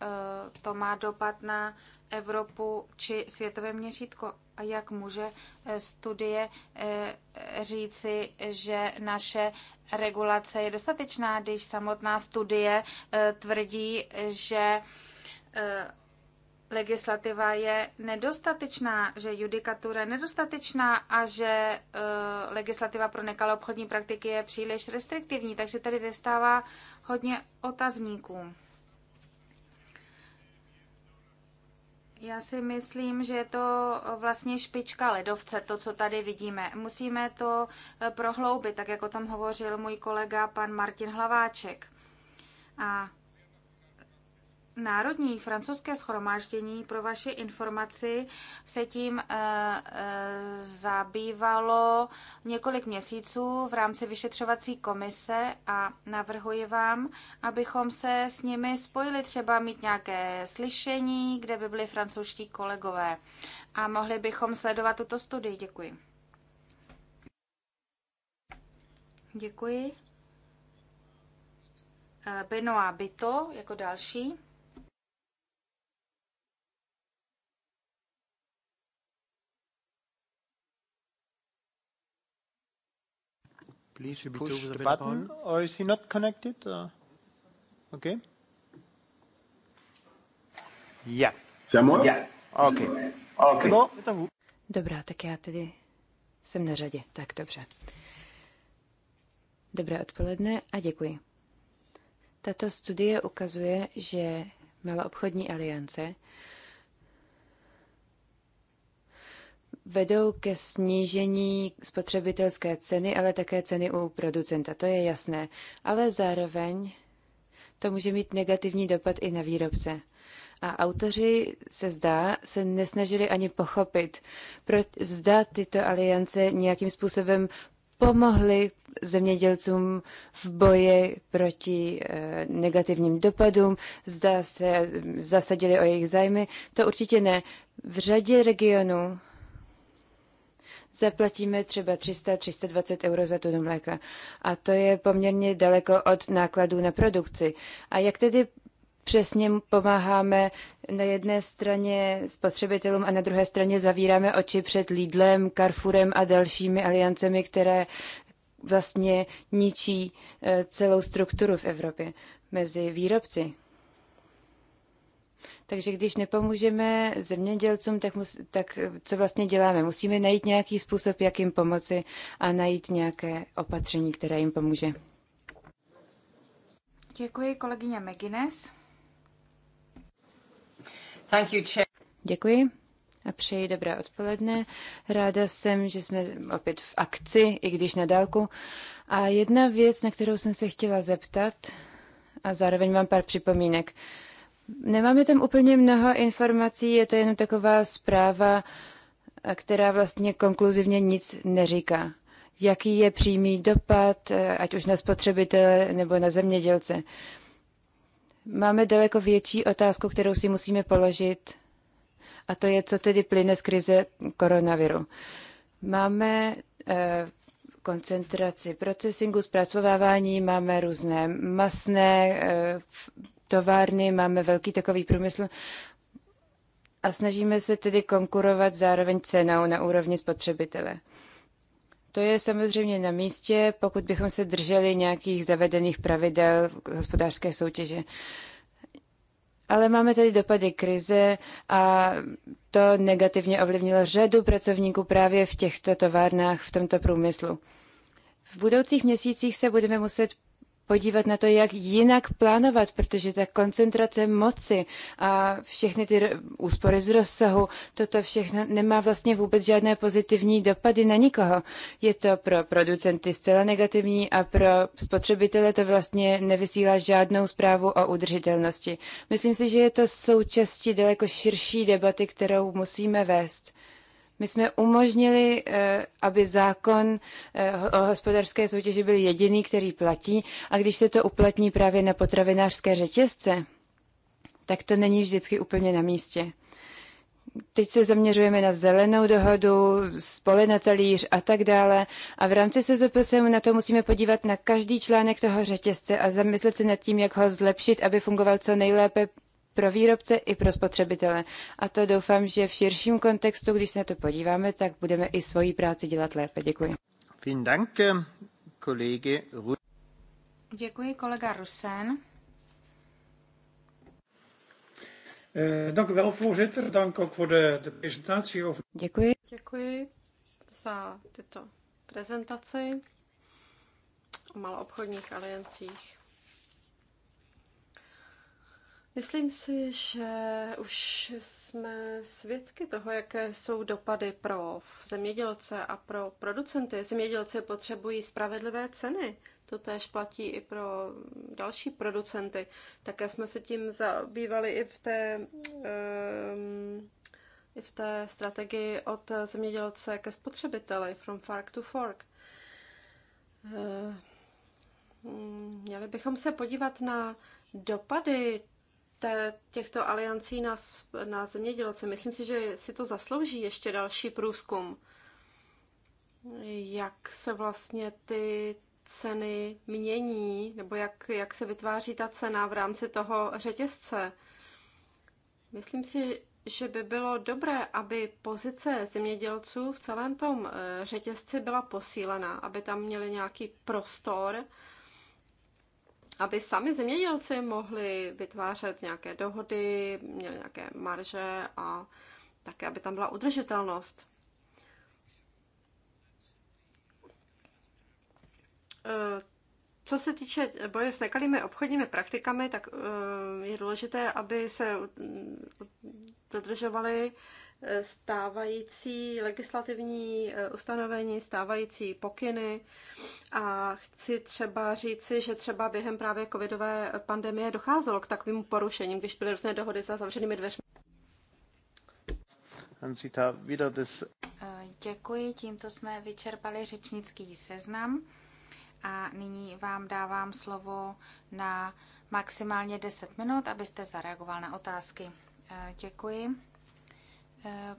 to má dopad na Evropu či světové měřítko a jak může eh, studie eh, říci, že naše regulace je dostatečná, když samotná studie eh, tvrdí, že legislativa je nedostatečná, že judikatura je nedostatečná a že legislativa pro nekalé obchodní praktiky je příliš restriktivní, takže tady vystává hodně otazníků. Já si myslím, že je to eh, vlastně špička ledovce, to, co tady vidíme. Musíme to eh, prohloubit, tak jako tam hovořil můj kolega pan Martin Hlaváček. A Národní francouzské schromáždění pro vaši informaci se tím e, e, zabývalo několik měsíců v rámci vyšetřovací komise a navrhuji vám, abychom se s nimi spojili třeba mít nějaké slyšení, kde by byli francouzští kolegové a mohli bychom sledovat tuto studii. Děkuji. Děkuji. Eh, Benoit Bito jako další. Please, push the button, or is he not connected? Uh, Okay. Yeah. Samo? Yeah. Okay. okay. okay. Dobrá, tak já tedy jsem na řadě. Tak dobře. Dobré odpoledne a děkuji. Tato studie ukazuje, že maloobchodní aliance vedou ke snížení spotřebitelské ceny, ale také ceny u producenta, to je jasné. Ale zároveň to může mít negativní dopad i na výrobce. A autoři se zdá, se nesnažili ani pochopit, proč zda tyto aliance nějakým způsobem pomohly zemědělcům v boji proti eh, negativním dopadům, zda se zasadili o jejich zájmy. To určitě ne. V řadě regionů zaplatíme třeba 300-320 euro za tunu mléka. A to je poměrně daleko od nákladů na produkci. A jak tedy přesně pomáháme na jedné straně spotřebitelům a na druhé straně zavíráme oči před Lidlem, Carrefourem a dalšími aliancemi, které vlastně ničí eh, celou strukturu v Evropě mezi výrobci. Takže když nepomůžeme zemědělcům, tak, mus, tak eh, co vlastně děláme? Musíme najít nějaký způsob, jak jim pomoci a najít nějaké opatření, které jim pomůže. Děkuji kolegyně McGuinness. Thank you, chair. Děkuji a přeji dobré odpoledne. Ráda jsem, že jsme opět v akci, i když na dálku. A jedna věc, na kterou jsem se chtěla zeptat, a zároveň mám pár připomínek. Uh, Nemáme tam úplně mnoho informací, je to jenom taková zpráva, která vlastně konkluzivně nic neříká. Jaký je přímý dopad, ať už na spotřebitele nebo na zemědělce. Máme daleko větší otázku, kterou si musíme položit, a to je, co tedy plyne z krize koronaviru. Máme eh, koncentraci procesingu, zpracovávání, máme různé masné eh, továrny, máme velký takový průmysl a snažíme se tedy konkurovat zároveň cenou na úrovni spotřebitele. To je samozřejmě na místě, pokud bychom se drželi nějakých zavedených pravidel hospodářské soutěže. Ale máme tady dopady krize a to negativně ovlivnilo řadu pracovníků právě v těchto továrnách, v tomto průmyslu. V budoucích měsících se budeme muset podívat na to, jak jinak plánovat, protože ta koncentrace moci a všechny ty úspory z rozsahu, toto všechno nemá vlastně vůbec žádné pozitivní dopady na nikoho. Je to pro producenty zcela negativní a pro spotřebitele to vlastně nevysílá žádnou zprávu o udržitelnosti. Myslím si, že je to součástí daleko širší debaty, kterou musíme vést. My jsme umožnili, eh, aby zákon eh, o hospodářské soutěži byl jediný, který platí a když se to uplatní právě na potravinářské řetězce, tak to není vždycky úplně na místě. Teď se zaměřujeme na zelenou dohodu, spole na talíř a tak dále. A v rámci SZPS na to musíme podívat na každý článek toho řetězce a zamyslet se nad tím, jak ho zlepšit, aby fungoval co nejlépe pro výrobce i pro spotřebitele. A to doufám, že v širším kontextu, když se na to podíváme, tak budeme i svoji práci dělat lépe. Děkuji. Eh, Děkuji, kolega Rusen. Eh, Děkuji. Děkuji za tyto prezentaci o maloobchodních aliancích. Myslím si, že už jsme svědky toho, jaké jsou dopady pro zemědělce a pro producenty. Zemědělci potřebují spravedlivé ceny. To též platí i pro další producenty. Také jsme se tím zabývali i v té, um, i v té strategii od zemědělce ke spotřebiteli, from fork to fork. Uh, měli bychom se podívat na dopady té, těchto aliancí na, na zemědělce. Myslím si, že si to zaslouží ještě další průzkum, jak se vlastně ty ceny mění, nebo jak, jak se vytváří ta cena v rámci toho řetězce. Myslím si, že by bylo dobré, aby pozice zemědělců v celém tom eh, řetězci byla posílena, aby tam měli nějaký prostor, aby sami zemědělci mohli vytvářet nějaké dohody, měli nějaké marže a také, aby tam byla udržitelnost. E, co se týče boje s nekalými obchodními praktikami, tak e, je důležité, aby se dodržovaly stávající legislativní eh, ustanovení, stávající pokyny a chci třeba říci, že třeba během právě covidové pandemie docházelo k takovým porušením, když byly různé dohody za zavřenými dveřmi. Eh, děkuji, tímto jsme vyčerpali řečnický seznam a nyní vám dávám slovo na maximálně 10 minut, abyste zareagoval na otázky. Eh, děkuji.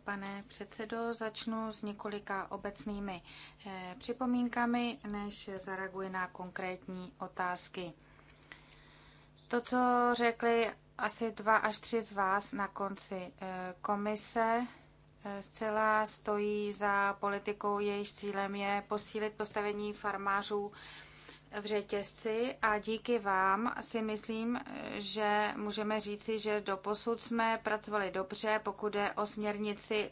Pane předsedo, začnu s několika obecnými eh, připomínkami, než zareaguji na konkrétní otázky. To, co řekli asi dva až tři z vás na konci eh, komise, eh, zcela stojí za politikou, jejíž cílem je posílit postavení farmářů v řetězci a díky vám si myslím, že můžeme říci, že do posud jsme pracovali dobře, pokud je o směrnici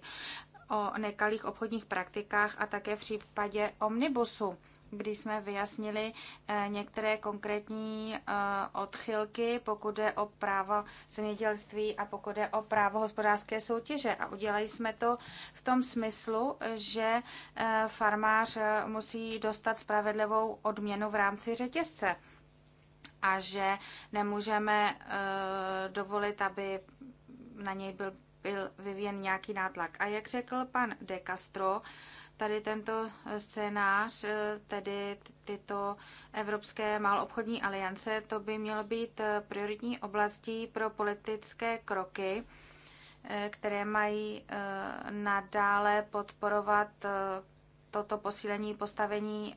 o nekalých obchodních praktikách a také v případě omnibusu kdy jsme vyjasnili eh, některé konkrétní eh, odchylky, pokud je o právo zemědělství a pokud je o právo hospodářské soutěže. A udělali jsme to v tom smyslu, že eh, farmář musí dostat spravedlivou odměnu v rámci řetězce a že nemůžeme dovolit, aby na něj byl, byl vyvíjen nějaký nátlak. A jak řekl pan De Castro, tady tento eh, scénář, eh, tedy tyto Evropské malobchodní aliance, to by mělo být eh, prioritní oblastí pro politické kroky, které mají nadále podporovat toto posílení postavení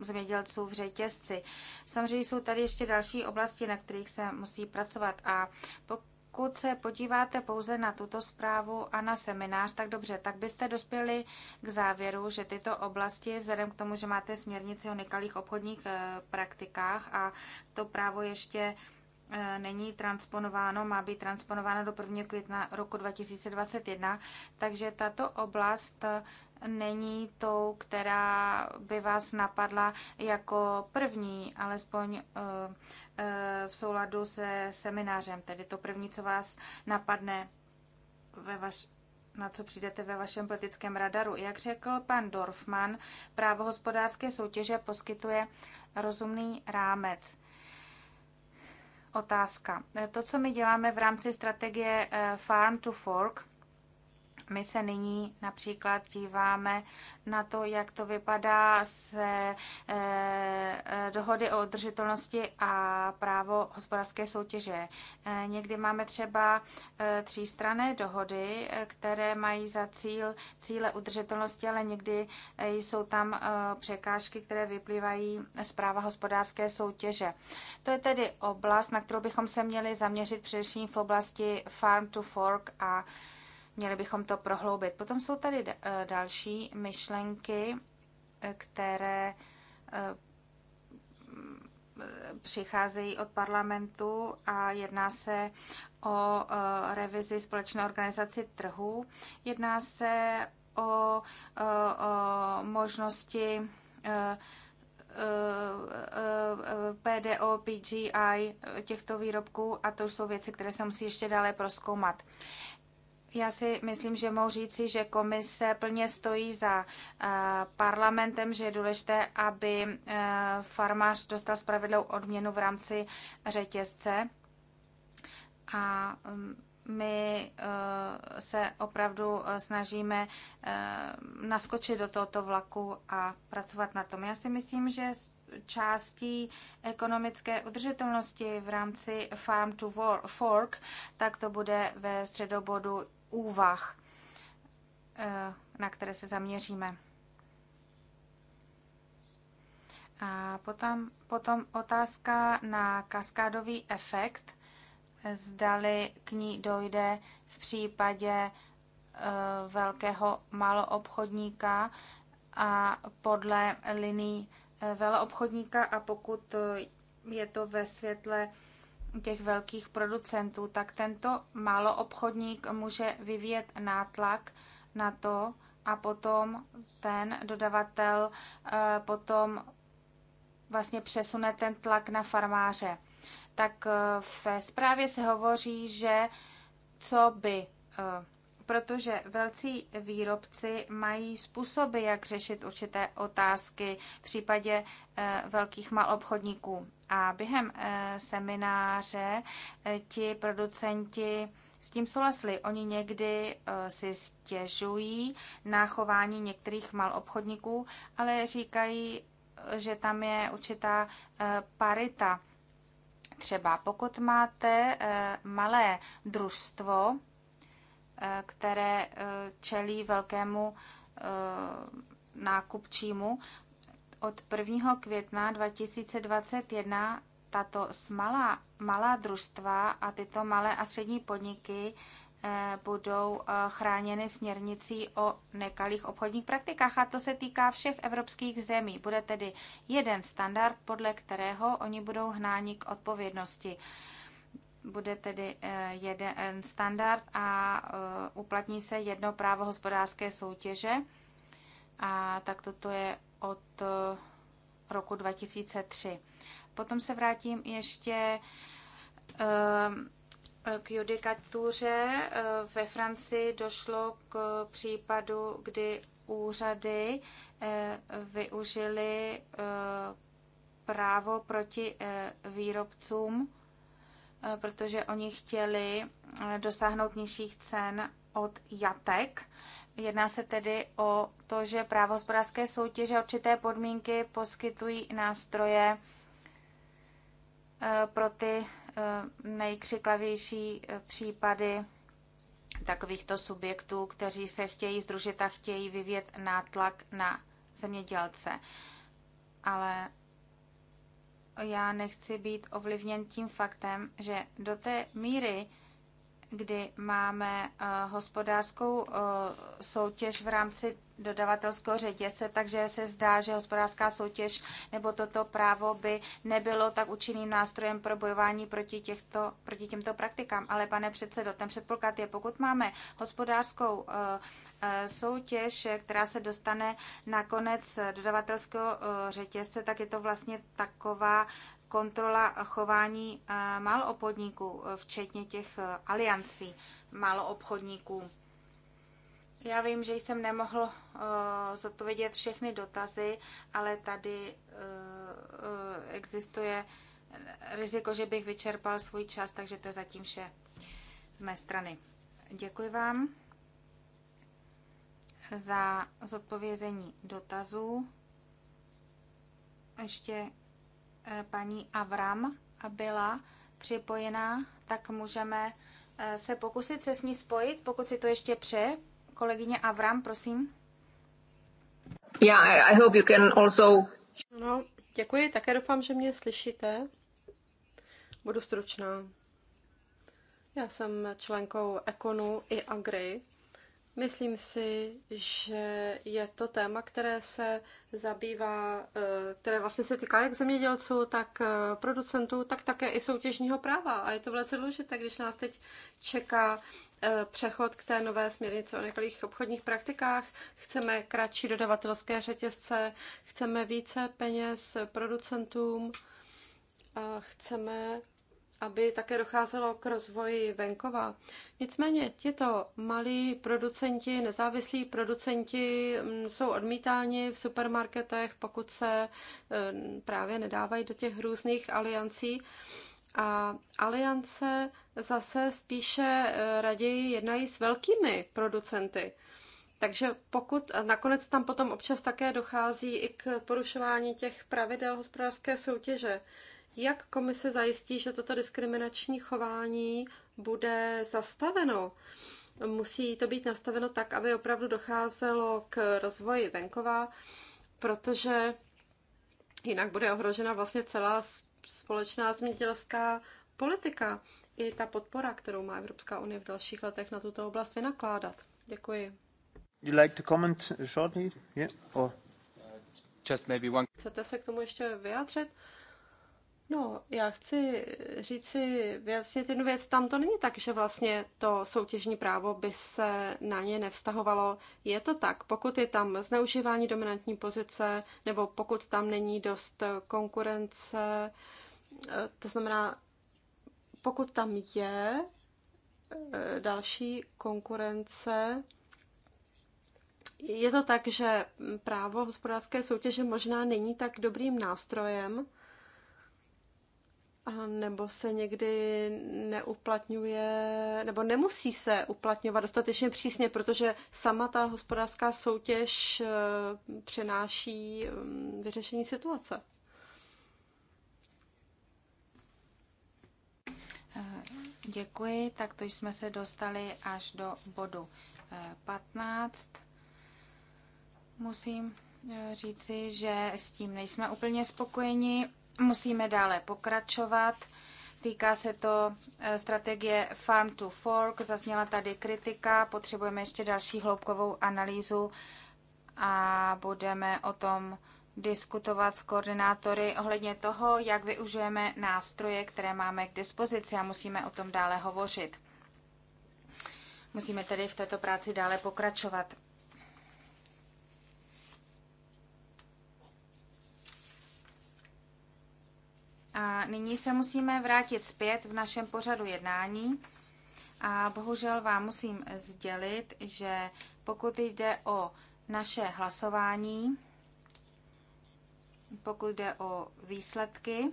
zemědělců v řetězci. Samozřejmě jsou tady ještě další oblasti, na kterých se musí pracovat a pokud pokud se podíváte pouze na tuto zprávu a na seminář, tak dobře, tak byste dospěli k závěru, že tyto oblasti, vzhledem k tomu, že máte směrnici o nekalých obchodních eh, praktikách a to právo ještě eh, není transponováno, má být transponováno do 1. května roku 2021, takže tato oblast není tou, která by vás napadla jako první, alespoň eh, eh, v souladu se seminářem, tedy to první, co vás napadne ve vaš, na co přijdete ve vašem politickém radaru. Jak řekl pan Dorfman, právo hospodářské soutěže poskytuje rozumný rámec. Otázka. To, co my děláme v rámci strategie eh, Farm to Fork, my se nyní například díváme na to, jak to vypadá s eh, eh dohody o udržitelnosti a právo hospodářské soutěže. Eh, někdy máme třeba e, eh, třístrané dohody, eh, které mají za cíl cíle udržitelnosti, ale někdy jsou tam překážky, které vyplývají z práva hospodářské soutěže. To je tedy oblast, na kterou bychom se měli zaměřit především v oblasti farm to fork a Měli bychom to prohloubit. Potom jsou tady eh, další myšlenky, eh, které eh, mm, přicházejí od parlamentu a jedná se o revizi společné organizaci trhu. Jedná se o, o, o možnosti PDO, PGI těchto výrobků a to jsou věci, které se musí ještě dále proskoumat já si myslím, že mohu říci, že komise plně stojí za eh, parlamentem, že je důležité, aby eh, farmář dostal spravedlivou odměnu v rámci řetězce. A mm, my eh, se opravdu snažíme naskočit do tohoto vlaku a pracovat na tom. Já si myslím, že částí ekonomické udržitelnosti v rámci Farm to Fork, tak to bude ve středobodu úvah, eh, na které se zaměříme. A potom, potom otázka na kaskádový efekt, zdali k ní dojde v případě eh, velkého maloobchodníka a podle liní eh, velobchodníka a pokud je to ve světle těch velkých producentů, tak tento maloobchodník může vyvíjet nátlak na to a potom ten dodavatel eh, potom vlastně přesune ten tlak na farmáře. Tak eh, ve zprávě se hovoří, že co by eh, protože velcí výrobci mají způsoby, jak řešit určité otázky v případě eh, velkých malobchodníků. A během eh, semináře eh, ti producenti s tím souhlasili. Oni někdy si stěžují na chování některých malobchodníků, ale říkají, že tam je určitá parita. Třeba pokud máte malé družstvo, Eh, které eh, čelí velkému eh, nákupčímu. Od 1. května 2021 tato malá, malá družstva a tyto malé a střední podniky budou chráněny směrnicí o nekalých obchodních praktikách a to se týká všech evropských zemí. Bude tedy jeden standard, podle kterého oni budou hnáni k odpovědnosti bude tedy eh, jeden standard a eh, uplatní se jedno právo hospodářské soutěže. A tak toto je od eh, roku 2003. Potom se vrátím ještě k judikatuře. Ve Francii došlo k případu, kdy úřady využili právo proti výrobcům Eh, protože oni chtěli eh, dosáhnout nižších cen od jatek. Jedná se tedy o to, že právo hospodářské soutěže určité podmínky poskytují nástroje eh, pro ty nejkřiklavější případy takovýchto subjektů, kteří se chtějí združit a chtějí vyvět nátlak na zemědělce. Ale já nechci být ovlivněn tím faktem, že do té míry, kdy máme eh, hospodářskou eh, soutěž v rámci dodavatelského řetězce, takže se zdá, že hospodářská soutěž nebo toto právo by nebylo tak účinným nástrojem pro bojování proti, těchto, proti těmto praktikám. Ale pane předsedo, ten předpoklad je, pokud máme hospodářskou eh, eh, soutěž, která se dostane na konec dodavatelského eh, řetězce, tak je to vlastně taková kontrola chování maloobchodníků, včetně těch aliancí maloobchodníků. Já vím, že jsem nemohl uh, zodpovědět všechny dotazy, ale tady uh, uh, existuje riziko, že bych vyčerpal svůj čas, takže to je zatím vše z mé strany. Děkuji vám za zodpovězení dotazů. Ještě paní Avram byla připojená, tak můžeme se pokusit se s ní spojit, pokud si to ještě přeje Kolegyně Avram, prosím. Yeah, I hope you can also... No, děkuji, také doufám, že mě slyšíte. Budu stručná. Já jsem členkou Ekonu i Agri. Myslím si, že je to téma, které se zabývá, eh, které vlastně se týká jak zemědělců, tak eh, producentů, tak také i soutěžního práva. A je to velice důležité, když nás teď čeká Eh, přechod k té nové směrnici o nekalých obchodních praktikách, chceme kratší dodavatelské řetězce, chceme více peněz producentům, a chceme, aby také docházelo k rozvoji venkova. Nicméně tito malí producenti, nezávislí producenti mm, jsou odmítáni v supermarketech, pokud se eh, právě nedávají do těch různých aliancí. A aliance zase spíše eh, raději jednají s velkými producenty. Takže pokud, a nakonec tam potom občas také dochází i k porušování těch pravidel hospodářské soutěže, jak komise zajistí, že toto diskriminační chování bude zastaveno? Musí to být nastaveno tak, aby opravdu docházelo k rozvoji venkova, protože jinak bude ohrožena vlastně celá společná zemědělská politika i ta podpora, kterou má Evropská unie v dalších letech na tuto oblast vynakládat. Děkuji. You like to comment shortly? Yeah? Or... Uh, just maybe one... Chcete se k tomu ještě vyjádřit? No, já chci říct si vlastně jednu věc. Tam to není tak, že vlastně to soutěžní právo by se na ně nevztahovalo. Je to tak, pokud je tam zneužívání dominantní pozice, nebo pokud tam není dost konkurence, eh, to znamená, pokud tam je eh, další konkurence, je to tak, že právo hospodářské soutěže možná není tak dobrým nástrojem, a nebo se někdy neuplatňuje, nebo nemusí se uplatňovat dostatečně přísně, protože sama ta hospodářská soutěž eh, přenáší mm, vyřešení situace. Eh, děkuji, tak to jsme se dostali až do bodu 15. Eh, Musím říci, že s tím nejsme úplně spokojeni. Musíme dále pokračovat. Týká se to eh, strategie Farm to Fork, zazněla tady kritika, potřebujeme ještě další hloubkovou analýzu a budeme o tom diskutovat s koordinátory ohledně toho, jak využijeme nástroje, které máme k dispozici a musíme o tom dále hovořit. Musíme tedy v této práci dále pokračovat. A nyní se musíme vrátit zpět v našem pořadu jednání. A bohužel vám musím sdělit, že pokud jde o naše hlasování, pokud jde o výsledky,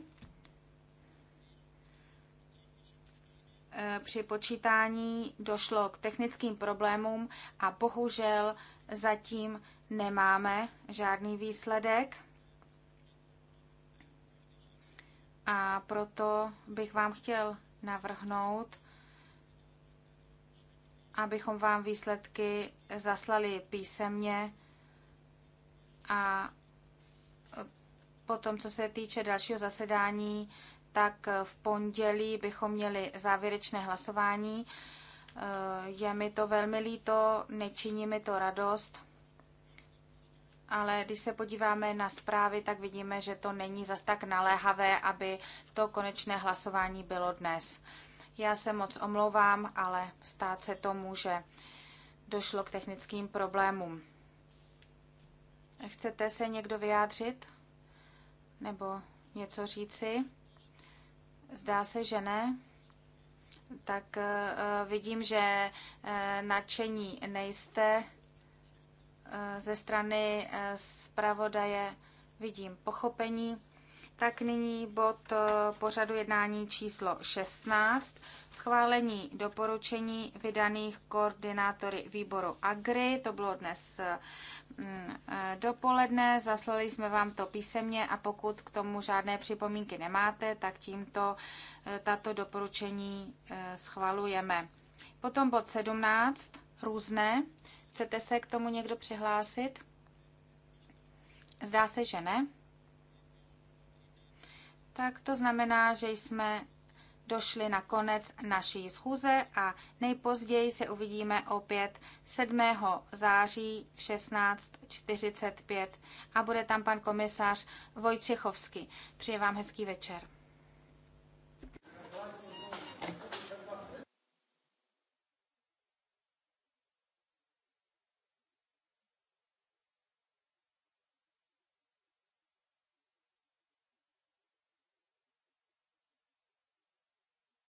eh, při počítání došlo k technickým problémům a bohužel zatím nemáme žádný výsledek. A proto bych vám chtěl navrhnout, abychom vám výsledky zaslali písemně a potom, co se týče dalšího zasedání, tak v pondělí bychom měli závěrečné hlasování. Je mi to velmi líto, nečiní mi to radost ale když se podíváme na zprávy, tak vidíme, že to není zas tak naléhavé, aby to konečné hlasování bylo dnes. Já se moc omlouvám, ale stát se to může. Došlo k technickým problémům. Chcete se někdo vyjádřit? Nebo něco říci? Zdá se, že ne. Tak eh, vidím, že eh, nadšení nejste. Eh, ze strany eh, zpravodaje vidím pochopení. Tak nyní bod eh, pořadu jednání číslo 16. Schválení doporučení vydaných koordinátory výboru AGRI. To bylo dnes mm, dopoledne. Zaslali jsme vám to písemně a pokud k tomu žádné připomínky nemáte, tak tímto tato doporučení schvalujeme. Potom bod 17. Různé. Chcete se k tomu někdo přihlásit? Zdá se, že ne. Tak to znamená, že jsme došli na konec naší schůze a nejpozději se uvidíme opět 7. září 16.45 a bude tam pan komisář Vojčechovský. Přeji vám hezký večer.